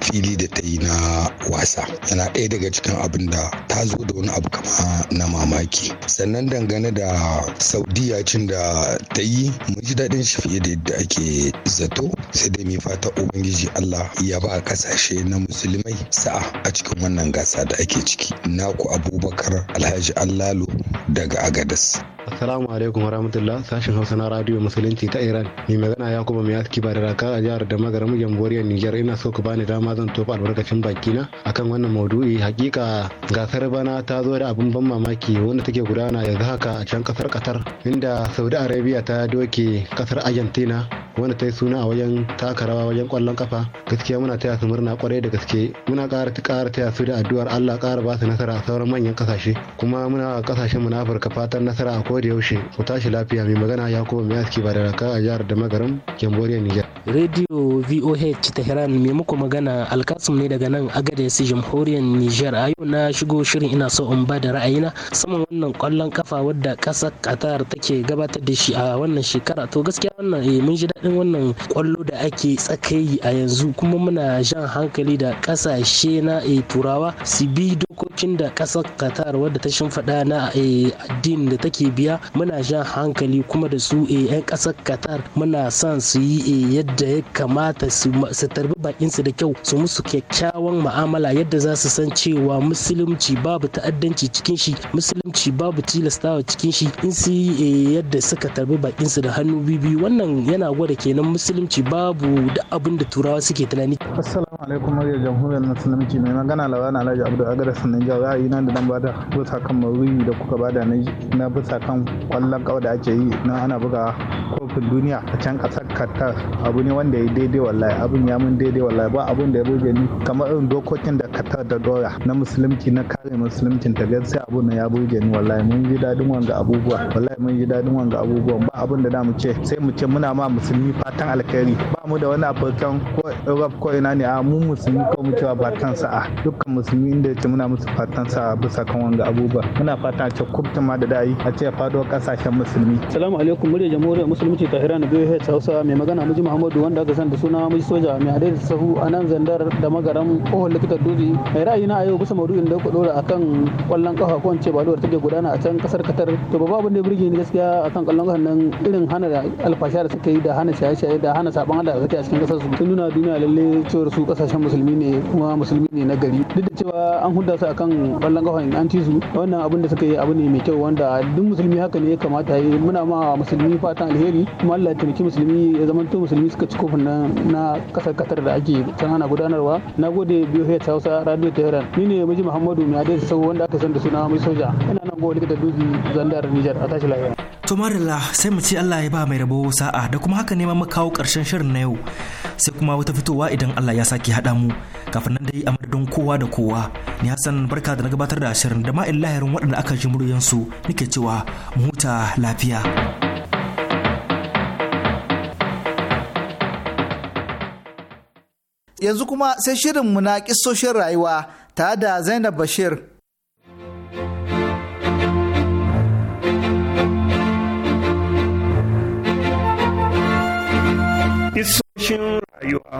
fili da ta yi na wasa yana ɗaya daga cikin abin da ta zo da wani abu kama na mamaki sannan dangane da saudiya cin da ta yi mun ji daɗin shi fiye da yadda ake zato sai dai mai fata ubangiji allah ya ba kasashe na musulmai sa'a a cikin wannan gasa da ake ciki naku abubakar alhaji allalo daga agadas Salamu alaikum wa rahmatullah sashen Hausa na Radio Musulunci ta Iran. Mai magana ya kuma mai aski ba da raka a jihar da magaramu jamhuriyar Nijar ina so ku bani dama zan tofa albarkacin bakina akan wannan maudu'i hakika gasar bana ta zo da abin ban mamaki wanda take gudana yanzu haka a can kasar Qatar inda Saudi Arabia ta doke kasar Argentina wanda ta yi suna a wajen taka rawa wajen kwallon kafa gaskiya muna taya su murna kwarai da gaske muna ƙara ƙara taya su da addu'ar Allah kara ba su nasara a sauran manyan kasashe kuma muna kasashen mu na Afirka fatan nasara a koda yaushe ku tashi lafiya mai magana Yakubu mai aski ba da raka a jihar da magaram Jamhuriyar Niger Radio VOH Tehran mai muku magana Alkasum ne daga nan Agadez Jamhuriyar nijar a yau na shigo shirin ina so in ba da ra'ayina saman wannan kwallon kafa wadda ƙasar Qatar take gabatar da shi a wannan shekara to gaskiya wannan eh, mun ji daɗin daɗin wannan kwallo da ake tsakayi a yanzu kuma muna jan hankali da ƙasashe na e, turawa su bi dokokin da ƙasar qatar wadda ta shimfiɗa na e, addinin da take biya muna jan hankali kuma da su 'yan e, ƙasar qatar muna son su yi yadda ya kamata su tarbi bakinsu da kyau su musu kyakkyawan ma'amala yadda za su san cewa musulunci babu ta'addanci cikin shi musulunci babu tilastawa cikin shi in su yi yadda suka tarbi bakinsu da hannu bibi wannan yana gwada kenan musulunci babu da abin da turawa suke tunani assalamu alaikum muryar jamhuriyar musulunci mai magana lawan alhaji abu abdu agada sannan jawo ya yi na da nan ba da bisa kan maudu'i da kuka bada na bisa kan kwallon kawai da ake yi na ana buga kofin duniya a can kasar qatar abu ne wanda ya daidai wallahi abin ya mun daidai wallahi ba abin da ya buge ni kamar irin dokokin da qatar da dora na musulunci na kare musulunci ta gaskiya abun na ya buge ni wallahi mun ji dadin wanga abubuwa wallahi mun ji dadin wanga abubuwa ba abin da da mu ce sai mu ce muna ma musulunci musulmi fatan alkhairi ba mu da wani abokan ko europe ko ina ne a mu musulmi ko mu cewa fatan sa'a dukkan musulmi inda ce muna musu fatan sa'a bisa kan wanga abubuwa muna fatan ce kubta ma da dai a ce faduwar kasashen musulmi assalamu alaikum murya jamhuriyar musulunci ta iran biyu ya hausa mai magana miji muhammadu wanda aka san da suna mai soja mai hadari da sahu a nan zandar da magaram kohon likitar dutse mai ra'ayi na a yau bisa maudu'in da ku dora akan kwallon kafa ko ce baluwar take gudana a can kasar katar to babu abin da burge ni gaskiya akan kwallon kafa nan irin hana da alfasha da suka yi da hana hana shaye-shaye da hana saban Allah da zaki a cikin kasar su sun nuna duniya lalle cewar su kasashen musulmi ne kuma musulmi ne na gari duk da cewa an hudda su akan ballan kafan an ci su wannan abin da suka yi abu ne mai kyau wanda duk musulmi haka ne ya kamata yi muna ma musulmi fatan alheri kuma Allah ya taimaki musulmi ya to musulmi suka ci kofin nan na kasar Katar da ake can ana gudanarwa na gode biyo ya Hausa Radio Tehran ni ne miji Muhammadu mai adai sau wanda aka san da suna mai soja ina nan gowa da duzi zandar Niger a tashi lafiya to sai mu ci Allah ya ba mai rabo sa'a da kuma haka neman makawo karshen shirin na yau sai kuma wata fitowa idan Allah ya sake haɗa mu kafin nan dai a madadin kowa da kowa ni Hassan barka da na gabatar da shirin da ma'in lahirin waɗanda aka ji muryansu nake cewa mu huta lafiya. Yanzu kuma sai shirinmu na kisoshin rayuwa tare da Zainab Bashir. isoshin rayuwa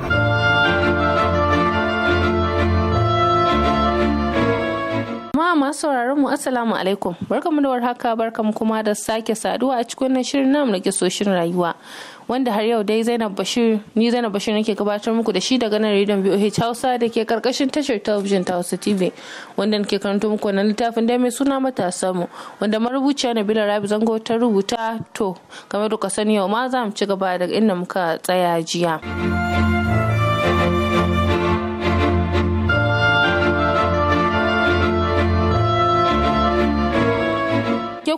ma sauraron mu asalamu alaikum barkamu da warhaka barkamu kuma da sake saduwa a cikin shirin namu na kisoshin rayuwa wanda har yau dai Zainab Bashir ni Zainab Bashir nake gabatar muku da shi daga nan rediyon BOH Hausa da ke karkashin tashar talabijin ta Hausa TV wanda nake karanto muku wannan littafin da mai suna matasa mu wanda marubuciya Nabila Rabi Zango ta rubuta to kamar da ka sani yau ma za mu ci gaba daga inda muka tsaya jiya.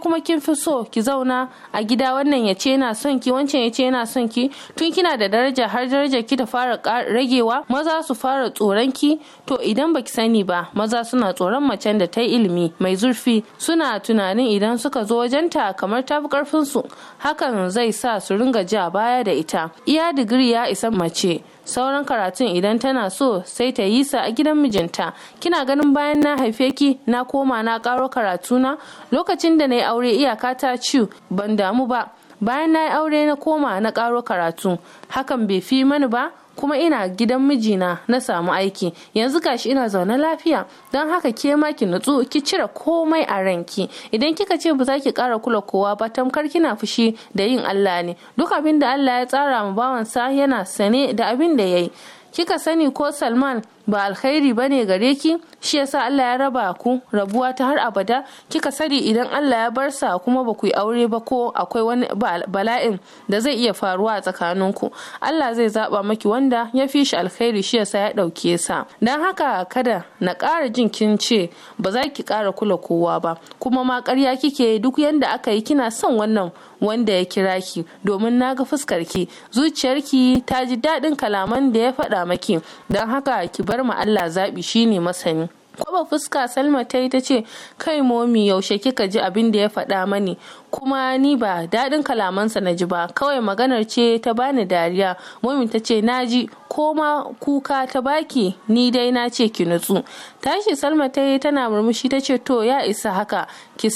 kuma kin fi so ki zauna a gida wannan ya ce yana son ki wancan ya ce yana son ki tun kina da daraja har daraja ki ta fara ragewa maza su fara tsoron ki to idan baki sani ba maza suna tsoron macen da ta yi ilimi mai zurfi suna tunanin idan suka zo wajenta kamar fi karfin su hakan zai sa su ringa ja baya da ita iya digiri ya isa mace sauran karatun idan tana so sai ta yi sa a gidan mijinta kina ganin bayan na haife ki na koma na karo karatuna lokacin da na yi aure iyaka ta ci ban damu ba bayan na yi aure na koma na karo karatu hakan bai fi mani ba kuma ina gidan mijina na samu aiki yanzu gashi ina zaune lafiya don haka ke ma ki nutsu ki cire komai a ranki idan kika ce ba za ki kara kula kowa ba tamkar kina fushi da yin Allah ne duk abin da Allah ya tsara mu bawansa yana sane da abin da yayi kika sani ko Salman ba alkhairi ba ne gare ki shi yasa Allah ya raba ku rabuwa ta har abada kika sani idan Allah ya bar sa kuma ba ku yi aure ba ko akwai wani bala'in da zai iya faruwa a tsakaninku Allah zai zaba maki wanda ya fi shi alkhairi shi yasa ya dauke sa dan haka kada na ƙara jin kin ce ba za ki ƙara kula kowa ba kuma ma ƙarya kike duk yanda aka yi kina son wannan wanda ya kira ki domin na ga fuskar ki zuciyarki ta ji daɗin kalaman da ya faɗa maki don haka ki bar bar mu Allah zaɓi shi ne masani kwaba fuska salma ta yi ta ce kai momi yaushe kika ji abin da ya faɗa mani kuma ni ba daɗin kalamansa na ji ba kawai maganar ce ta bani dariya momi ta ce na ji ko ma kuka ta baki ni dai na ce ki nutsu tashi salma ta yi tana murmushi ta ce to ya isa haka ki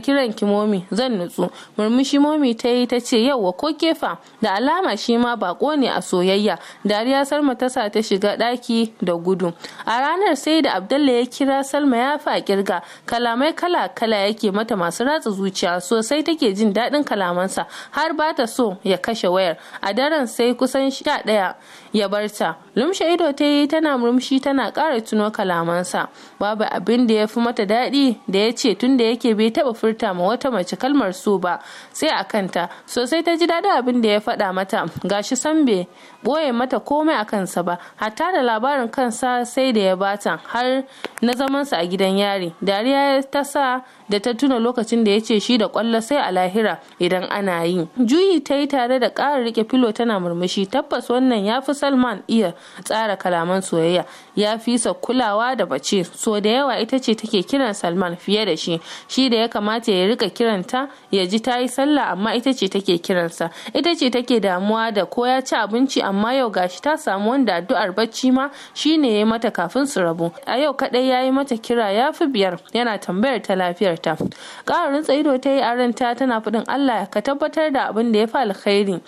kiran ki momi zan nutsu murmushi momi ta yi ta ce yauwa ko kefa da alama shi ma bako ne a soyayya dariya salma ta sa ta shiga ɗaki da gudu a ranar sai da abdullahi kira salma ya a kirga kalamai kala kala yake mata masu ratsa zuciya sosai take jin daɗin kalamansa har ba ta so ya kashe wayar a daren sai kusan sha ɗaya ya barta lumshe ido ta yi tana murmushi tana ƙara tuno kalamansa babu abin da ya fi mata daɗi da ya ce tun da yake bai taɓa furta ma wata mace kalmar so ba sai a kanta sosai ta ji daɗin abin da ya faɗa mata gashi san bai ɓoye mata komai a kansa ba hatta da labarin kansa sai da ya bata har na zamansa a gidan yari dariya ta sa da ta tuna lokacin da ya ce shi da kwallo sai a lahira idan ana yi juyi ta yi tare da ƙara rike filo tana murmushi tabbas wannan ya fi salman iya tsara kalaman soyayya ya fi sa kulawa da bace so da yawa ita ce take kiran salman fiye da shi shi da ya kamata ya rika kiranta ya ji ta yi sallah amma ita ce take kiransa ita ce take damuwa da ko ya ci abinci amma yau gashi ta samu wanda addu'ar bacci ma shine ya yi mata kafin su rabu a yau kadai ya yi mata kira ya fi biyar yana tambayar ta lafiyar ta ƙara rutsa ido ta yi a ranta tana faɗin allah ka tabbatar da abin da ya fi alkhairi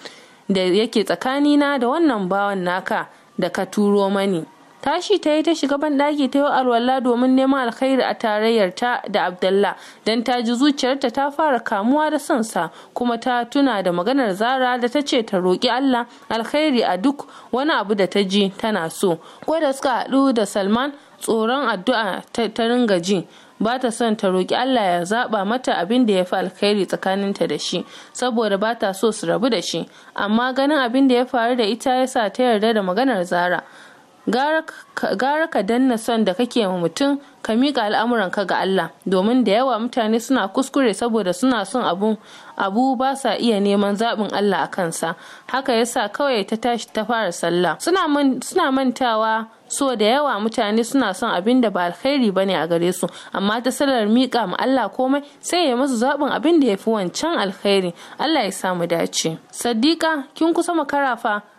da yake tsakanina da wannan bawan naka da ka turo mani tashi ta yi ta shiga banɗaki ta yi alwala domin neman alkhairi a tarayyar ta da abdallah don ta ji zuciyarta ta fara kamuwa da sansa kuma ta tuna da maganar zara da ta ce ta roƙi allah alkhairi a duk wani abu da ta ji tana so ko da suka haɗu da salman tsoron addu'a ta ringa ji ba ta son ta roƙi Allah ya zaɓa mata abin da ya fi alkhairi tsakaninta da shi saboda ba ta so su rabu da shi amma ganin abin da ya faru da ita ya sa ta yarda da maganar zara gara ka danna son da kake ma mutum ka miƙa al'amuranka ga Allah domin da yawa mutane suna kuskure saboda suna son abu abu ba sa iya neman zaɓin Allah a kansa haka yasa kawai ta tashi ta fara sallah suna mantawa so da yawa mutane suna son abin da ba alkhairi bane a gare su amma ta salar miƙa ma Allah komai sai ya masu zaɓin abin da ya fi wancan alkhairi Allah ya samu dace sadiqa kin kusa makara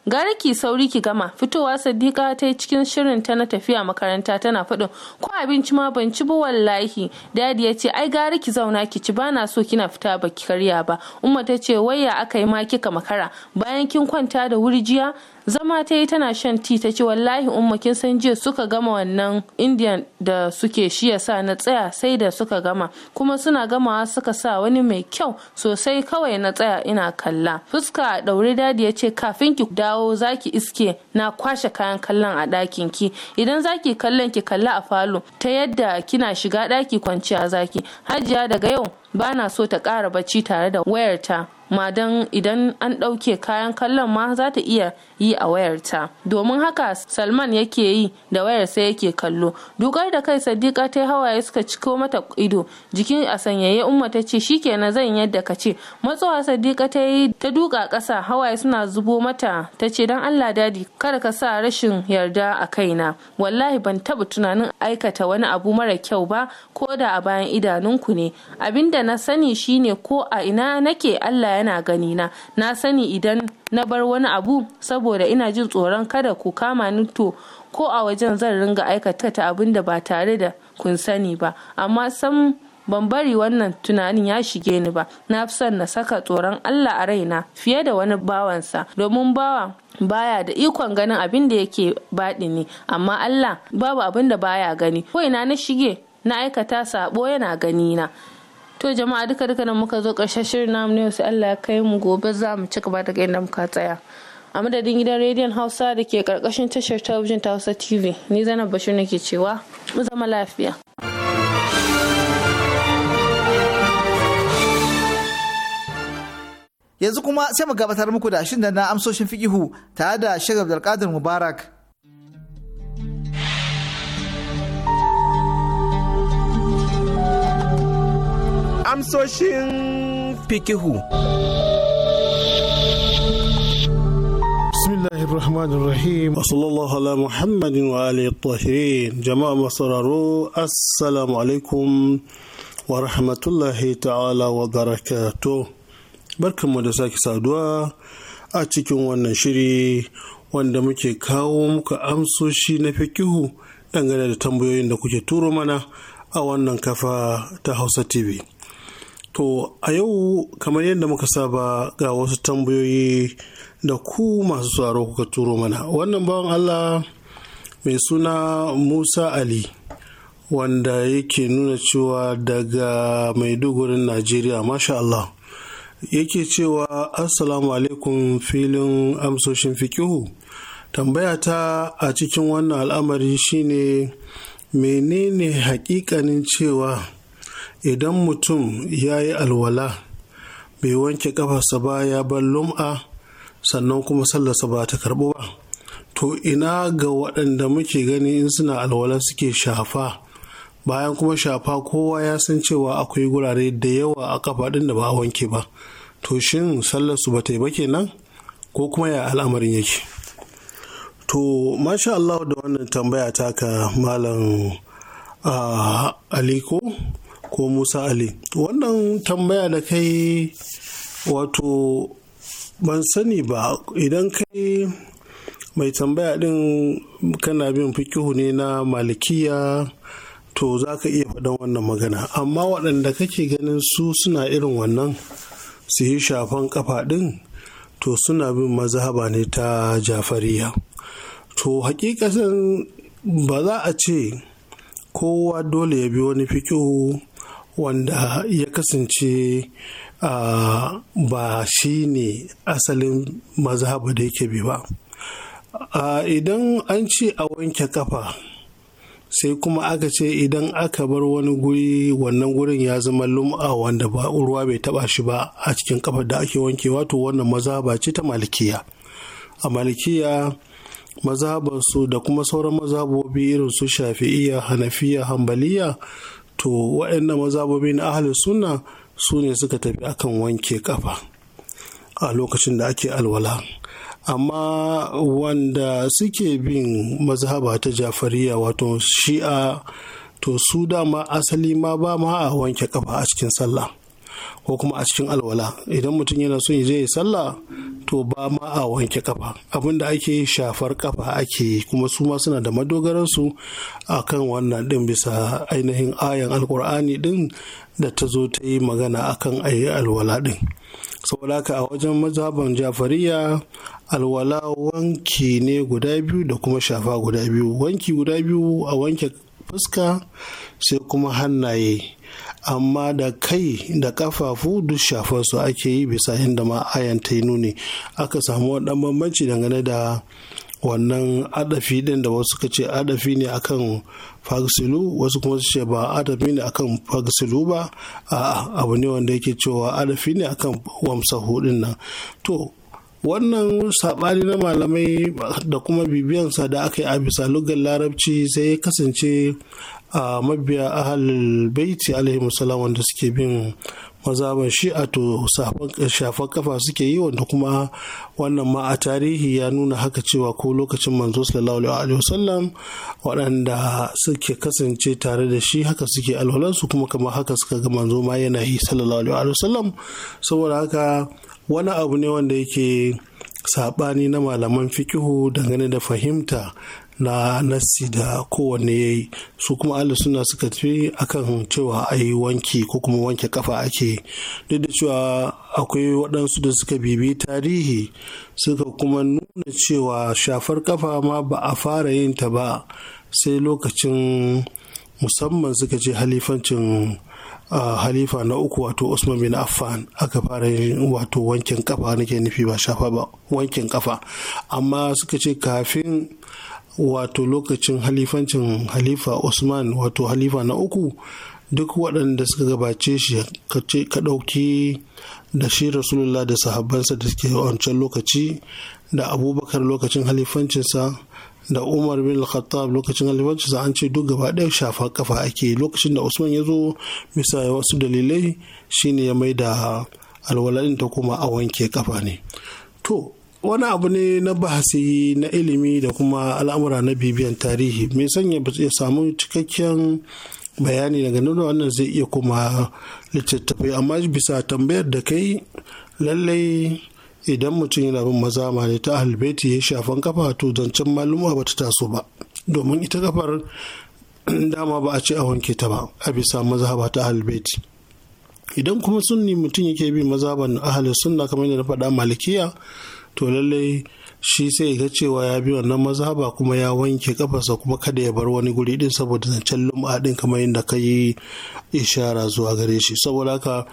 gara ki sauri ki gama fitowa sadiqa ta yi cikin shirin ta na tafiya makaranta tana faɗin ko abinci ma ban ci ba wallahi dadi ya ce ai gara ki zauna ki ci bana so kina fita baki karya ba umma ta ce waya aka yi ma kika makara bayan kin kwanta da wuri jiya zama ta yi tana shan ti ta ce wallahi umma kin san jiya suka gama wannan indian da suke shi yasa na tsaya sai da suka gama kuma suna gamawa suka sa wani mai kyau sosai kawai na tsaya ina kalla fuska daure dadi ya ce kafin ki dawo dawo zaki iske na kwashe kayan kallon a ɗakin ki idan zaki kallon ki kalla a falo ta yadda kina shiga ɗaki kwanciya zaki hajiya daga yau bana so ta ƙara bacci tare da wayarta ma don idan an ɗauke kayan kallon ma za ta iya yi a wayarta domin haka salman yake yi da wayar sai yake kallo dukar da kai sadiqa ta hawaye suka ciko mata ido jikin a sanyaye umma ta ce shikenan zan yadda ka ce matsowa sadiqa ta yi ta duka ƙasa hawaye suna zubo mata ta ce don allah dadi kada ka sa rashin yarda a kaina wallahi ban taɓa tunanin aikata wani abu mara kyau ba ko da a bayan idanunku ne abinda na sani shine ko a ina nake allah yana gani na na sani idan na bar wani abu saboda ina jin tsoron kada ku kama ni to ko a wajen zan ringa aikata abin da ba tare da kun sani ba amma san ban bari wannan tunanin ya shige ni ba na fi son na saka tsoron Allah a raina fiye da wani bawansa domin bawa baya da ikon ganin abin da yake baɗi ne amma Allah babu abin da baya gani ko ina na shige na aikata sabo yana gani na to jama'a duka duka da muka zo ƙarshen shirin namu ne sai Allah ya kai mu gobe za mu ci gaba daga inda muka tsaya a madadin gidan rediyon hausa da ke karkashin tashar talabijin ta hausa tv ni zainab bashir nake cewa mu zama lafiya yanzu kuma sai mu gabatar muku da shirin da na amsoshin fikihu tare da shagab abdulkadir mubarak amsoshin fikihu. Bismillahirrahmanirrahim. Wa sallallahu ala Muhammadin wa alihi tahirin. Jama'a masararo, Assalamu alaikum wa rahmatullahi ta'ala wa barakato. Barkanmu da sake saduwa a cikin wannan shiri wanda muke kawo muka amsoshi na fikihu dangane da tambayoyin da kuke turo mana a wannan kafa ta Hausa TV. To a yau kamar yadda muka saba ga wasu tambayoyi da ku masu tsaro kuka turo mana. Wannan bawan Allah mai suna Musa Ali wanda yake nuna cewa daga Maiduguri Najeriya Masha Allah. Yake cewa Assalamu alaikum filin amsoshin fikihu. Tambaya ta a cikin wannan al'amari shine menene hakikanin cewa idan mutum ya yi alwala bai wanke kafarsa ba ya bar lum'a sannan kuma sallarsa ba ta karɓo ba to ina ga waɗanda muke gani in suna alwala suke shafa bayan kuma shafa kowa ya san cewa akwai gurare da yawa a kafa ɗin da ba a wanke ba to shin sallarsu ba ta yi ba kenan ko kuma ya al'amarin yake to masha Allah da wannan tambaya taka malam ah, aliko ko musa ali wannan tambaya da kai wato ban sani ba idan kai mai tambaya din kana bin fikihu ne na malikiya to za ka iya faɗan wannan magana amma waɗanda kake ganin su suna irin wannan su yi shafan kafa ɗin to suna bin mazhaba ne ta jafariya to hakikatan ba za a ce kowa dole ya bi wani fikihu wanda ya kasance ba shi ne asalin mazhabu da yake bi ba idan an ce a wanke kafa sai kuma aka ce idan aka bar wani guri wannan gurin ya zama lum'a wanda ba ruwa bai taba shi ba a cikin kafa da ake wanke wato wannan mazhaba ce ta malikiya a malikiya mazhabarsu da kuma sauran mazhabobi irin su shafi'iya hanafiya hambaliya to waɗannan mazabobi na ahalus sunna su ne suka tafi akan wanke kafa a lokacin da ake alwala amma wanda suke bin mazhaba ta jafariya wato shi'a to su dama asali ma ba ma a wanke kafa a cikin sallah ko kuma a cikin alwala idan mutum yana son zai yi sallah to ba ma a wanke kafa abinda ake shafar kafa ake kuma su ma suna da madogararsu a kan wannan din bisa ainihin ayan alkur'ani din da ta zo ta yi magana akan ayi alwala din saboda a wajen mazhaban jafariya alwala wanki ne guda biyu da kuma shafa guda biyu wanki guda biyu a wanke fuska sai kuma hannaye amma da kai da kafafu duk shafarsu ake yi bisa inda ma ayan ta yi nuni aka samu wadannan bambanci dangane da wannan adafi din da wasu suka ce adafi ne akan fagsilu wasu kuma su ce ba adafi ne akan fagsilu ba a abu ne wanda yake cewa adafi ne akan wamsa hudun nan to wannan saɓani na malamai da kuma bibiyansa da aka yi a bisa lugar larabci sai kasance a mabiya ahalin baiti alaihi musalam wanda suke bin mazaban a to shafan kafa suke yi wanda kuma wannan ma a tarihi ya nuna haka cewa ko lokacin manzo sallallahu alaihi wasallam waɗanda suke kasance tare da shi haka suke alwalansu kuma kamar haka suka ga manzo ma yana yi sallallahu alaihi wasallam saboda haka wani abu ne wanda yake saɓani na malaman fikihu dangane da fahimta na nasi da kowanne ya yi su kuma ahli suna suka tafi akan cewa a yi wanki ko kuma wanke kafa ake duk da cewa akwai waɗansu da suka bibi tarihi suka kuma nuna cewa shafar kafa ma ba a fara yin ta ba sai lokacin musamman suka ce halifancin Uh, halifa na uku wato Usman bin Affan aka fara yin wato wankin kafa nake nufi ba shafa ba wankin kafa amma suka ce kafin wato lokacin halifancin halifa Usman wato halifa na uku duk waɗanda suka gabace shi ka ɗauki da shi rasulullah da sahabbansa da suke wancan lokaci da abubakar lokacin halifancinsa da umar bin khattab lokacin halifancinsa an ce duk gaba ɗaya shafa kafa ake lokacin da usman ya zo bisa wasu dalilai shine ya mai da alwaladin ta kuma a wanke kafa ne to wani abu ne na bahasi na ilimi da kuma al'amura na bibiyan tarihi mai sanya ya samu cikakken bayani daga nuna wannan zai iya kuma littattafai amma bisa tambayar da kai lallai idan mutum yana bin mazama ne ta halbeti ya shafan kafa to zancen maluma ba ta taso ba domin ita kafar dama ba a ce a wanke ta ba a bisa mazhaba ta halbeti idan kuma sunni mutum yake bi mazaban ahli sunna kamar yadda na faɗa malikiya to lallai shi sai ga cewa ya bi wannan mazhaba kuma ya wanke kafarsa kuma kada ya bar wani guri din saboda zancen lum'a din kamar yadda ka yi ishara zuwa gare shi saboda haka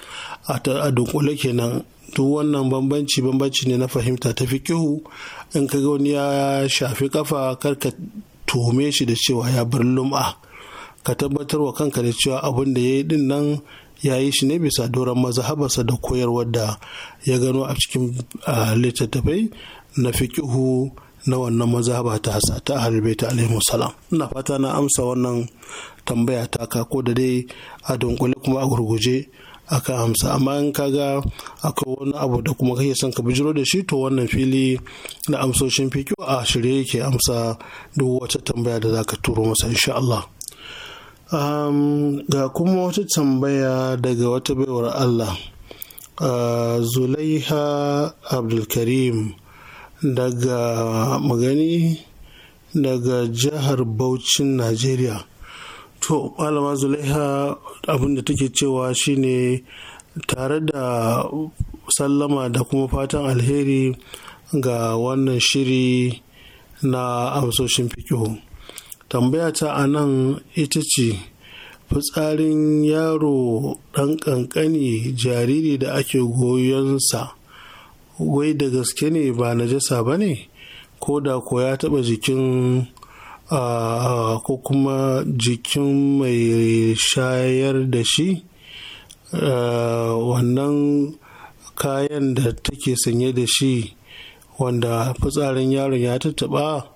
a dunkule kenan duk wannan bambanci bambanci ne na fahimta ta kihu in ka wani ya shafi kafa karka tuhume shi da cewa ya bar lum'a ka tabbatar wa kanka da cewa abin da ya yi din nan ya yi shi ne bisa doron mazhabarsa da koyarwar da ya gano a cikin littattafai na fikihu na wannan mazhaba ta hasa ta ahalbaita alaihi salam ina fata na amsa wannan tambaya ta ko da dai a dunkule kuma a gurguje aka amsa amma in kaga akwai wani abu da kuma kake son ka bijiro da shi to wannan fili na amsoshin fikiyo a shirye yake amsa duk wata tambaya da zaka turo masa insha Allah Um, ga kuma wata tambaya daga wata baiwar Allah uh, Zulaiha Abdulkarim daga magani daga jihar Bauchin Najeriya. To, malama Zulaiha abinda take cewa shine tare da sallama da kuma fatan alheri ga wannan shiri na amsoshin fikihu. tambaya ta a nan ita ce fitsarin yaro ɗan ƙanƙani jariri da ake goyonsa wai da gaske ne ba najasa ba ne ko da ko ya taɓa jikin ko kuma jikin mai shayar da shi wannan kayan da take sanye da shi wanda fitsarin yaron ya tattaɓa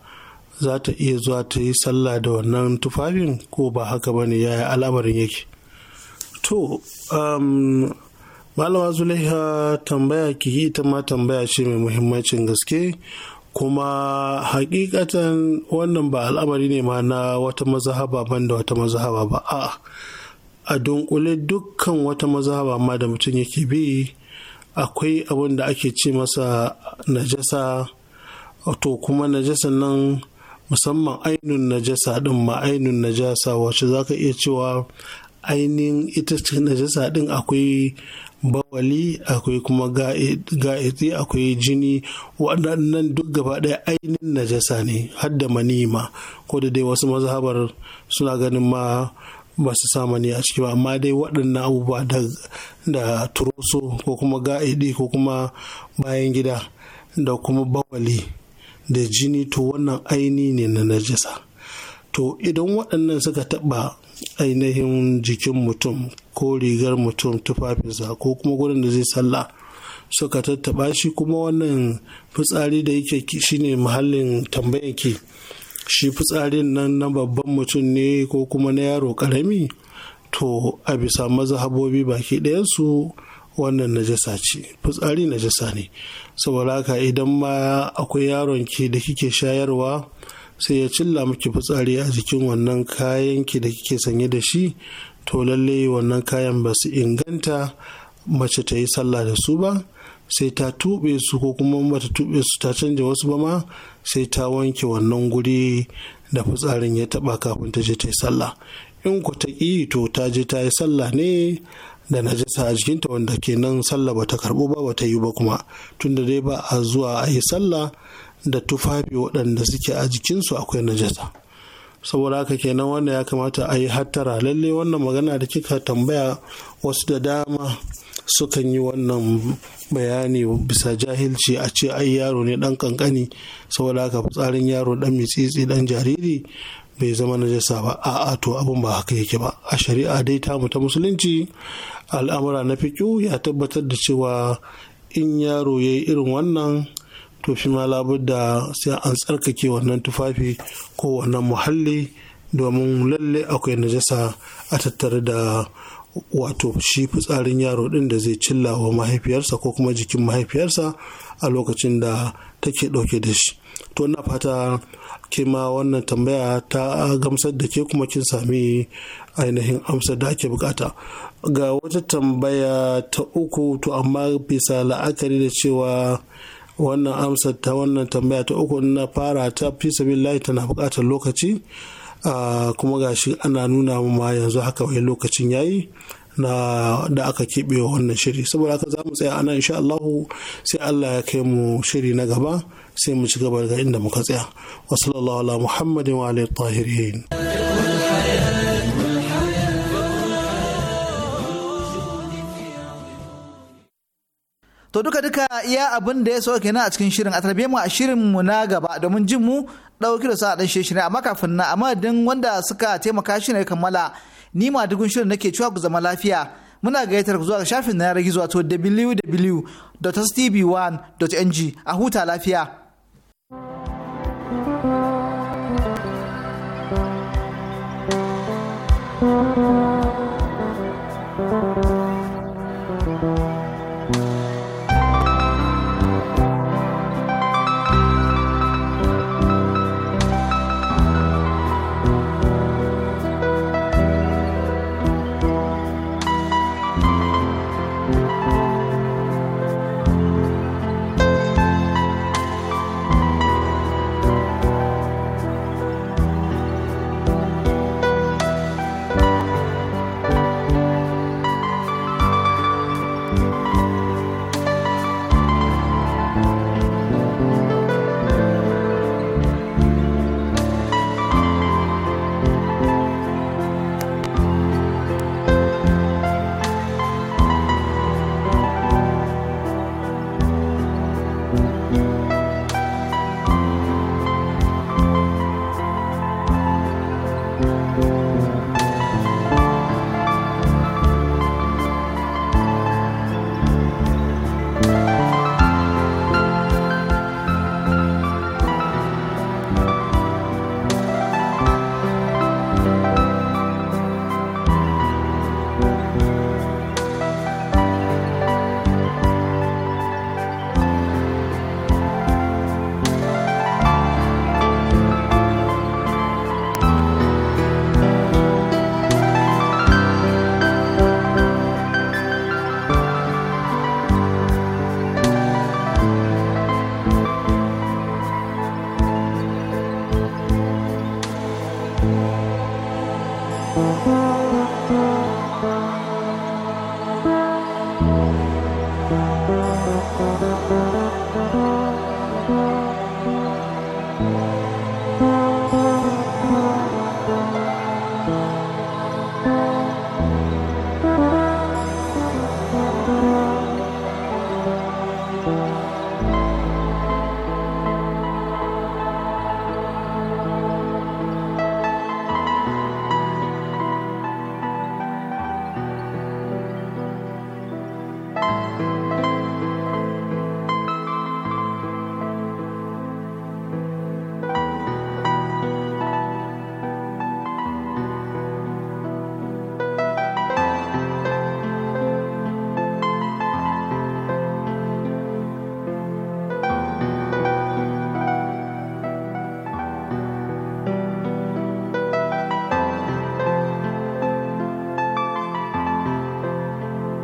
za ta iya zuwa ta yi sallah da wannan tufafin ko ba haka ba ne yi al'amarin yake to um, malama zulaiha tambaya ki ita ma tambaya ce mai muhimmancin gaske kuma hakikatan wannan ba al'amari ne ma na wata mazahaba ban da wata mazahaba ba a a dunkule dukkan wata mazahaba ma da mutum yake bi akwai abin da ake ce masa najasa to kuma Najasa nan musamman ainun najasa din ma ainihin najasa wacce za ka iya cewa ainihin ita najasa ɗin akwai bawali akwai kuma ga'iti akwai jini waɗannan duk gaba ɗaya ainihin najasa ne hadda manima ko da dai wasu mazhabar suna ganin ma ba su sa mani a ciki ba amma dai waɗannan abubuwa da turoso ko kuma ga'idi ko kuma bayan gida da kuma bawali da jini to wannan aini ne na najasa to idan waɗannan suka taɓa ainihin jikin mutum ko rigar mutum tufafinsa ko kuma gurin da zai sallah suka tattaba shi kuma wannan fitsari da yake shine muhallin tambayarki, ke shi fitsarin nan na babban mutum ne ko kuma na yaro karami to a bisa mazhabobi baki ɗayansu wannan najasa ce fitsari najasa ne saboda haka idan ma akwai yaron ki da kike shayarwa sai ya cilla miki fitsari a jikin wannan kayan ki da kike sanye da shi to lalle wannan kayan ba su inganta mace ta yi sallah da su ba sai ta tuɓe su ko kuma bata tuɓe su ta canja wasu ba ma sai ta wanke wannan guri da fitsarin ya taɓa kafin ta je ta yi sallah in ku ta ƙi to ta je ta yi sallah ne da najasa a jikinta wanda ke nan sallah bata ta karɓo ba ba ta yi ba kuma tunda dai ba a zuwa a yi sallah da tufafi waɗanda suke a jikinsu akwai najasa saboda haka kenan wanda ya kamata a yi hattara lalle wannan magana da kika tambaya wasu da dama sukan yi wannan bayani bisa jahilci a ce ai yaro ne dan kankani saboda haka tsarin yaro dan mitsitsi dan jariri bai zama najasa ba a'a to abin ba haka yake ba a shari'a dai tamu ta musulunci al'amura na fiƙo ya tabbatar da cewa in yaro ya yi irin wannan to fi ma da sai an tsarkake wannan tufafi ko wannan muhalli domin lalle akwai najasa a tattare da wato shi fitsarin yaro din da zai cilla wa mahaifiyarsa ko kuma jikin mahaifiyarsa a lokacin da take ɗauke da shi to na fata ke wannan tambaya ta gamsar da ke kuma kin sami ainihin amsa da ake bukata ga wata tambaya ta uku to amma bisa la'akari da cewa wannan amsa ta wannan tambaya ta uku na fara ta fi sabillahi tana bukatar lokaci kuma gashi ana nuna ma yanzu haka wai lokacin yayi na da aka keɓe wannan shiri saboda haka za mu tsaya ana insha Allahu sai Allah ya kai mu shiri na gaba sai mu ci gaba daga inda muka tsaya wa sallallahu ala muhammadin wa alihi tahirin to duka duka iya abin da ya so kenan a cikin shirin a tarbe mu a shirin mu na gaba domin jin mu dauki da sa dan shirin amma kafin na amma din wanda suka taimaka shi ne kammala ni ma dukun shirin nake cewa ku zama lafiya muna gayyatar ku zuwa ga shafin na yanar gizo wato www.stv1.ng a huta lafiya thank you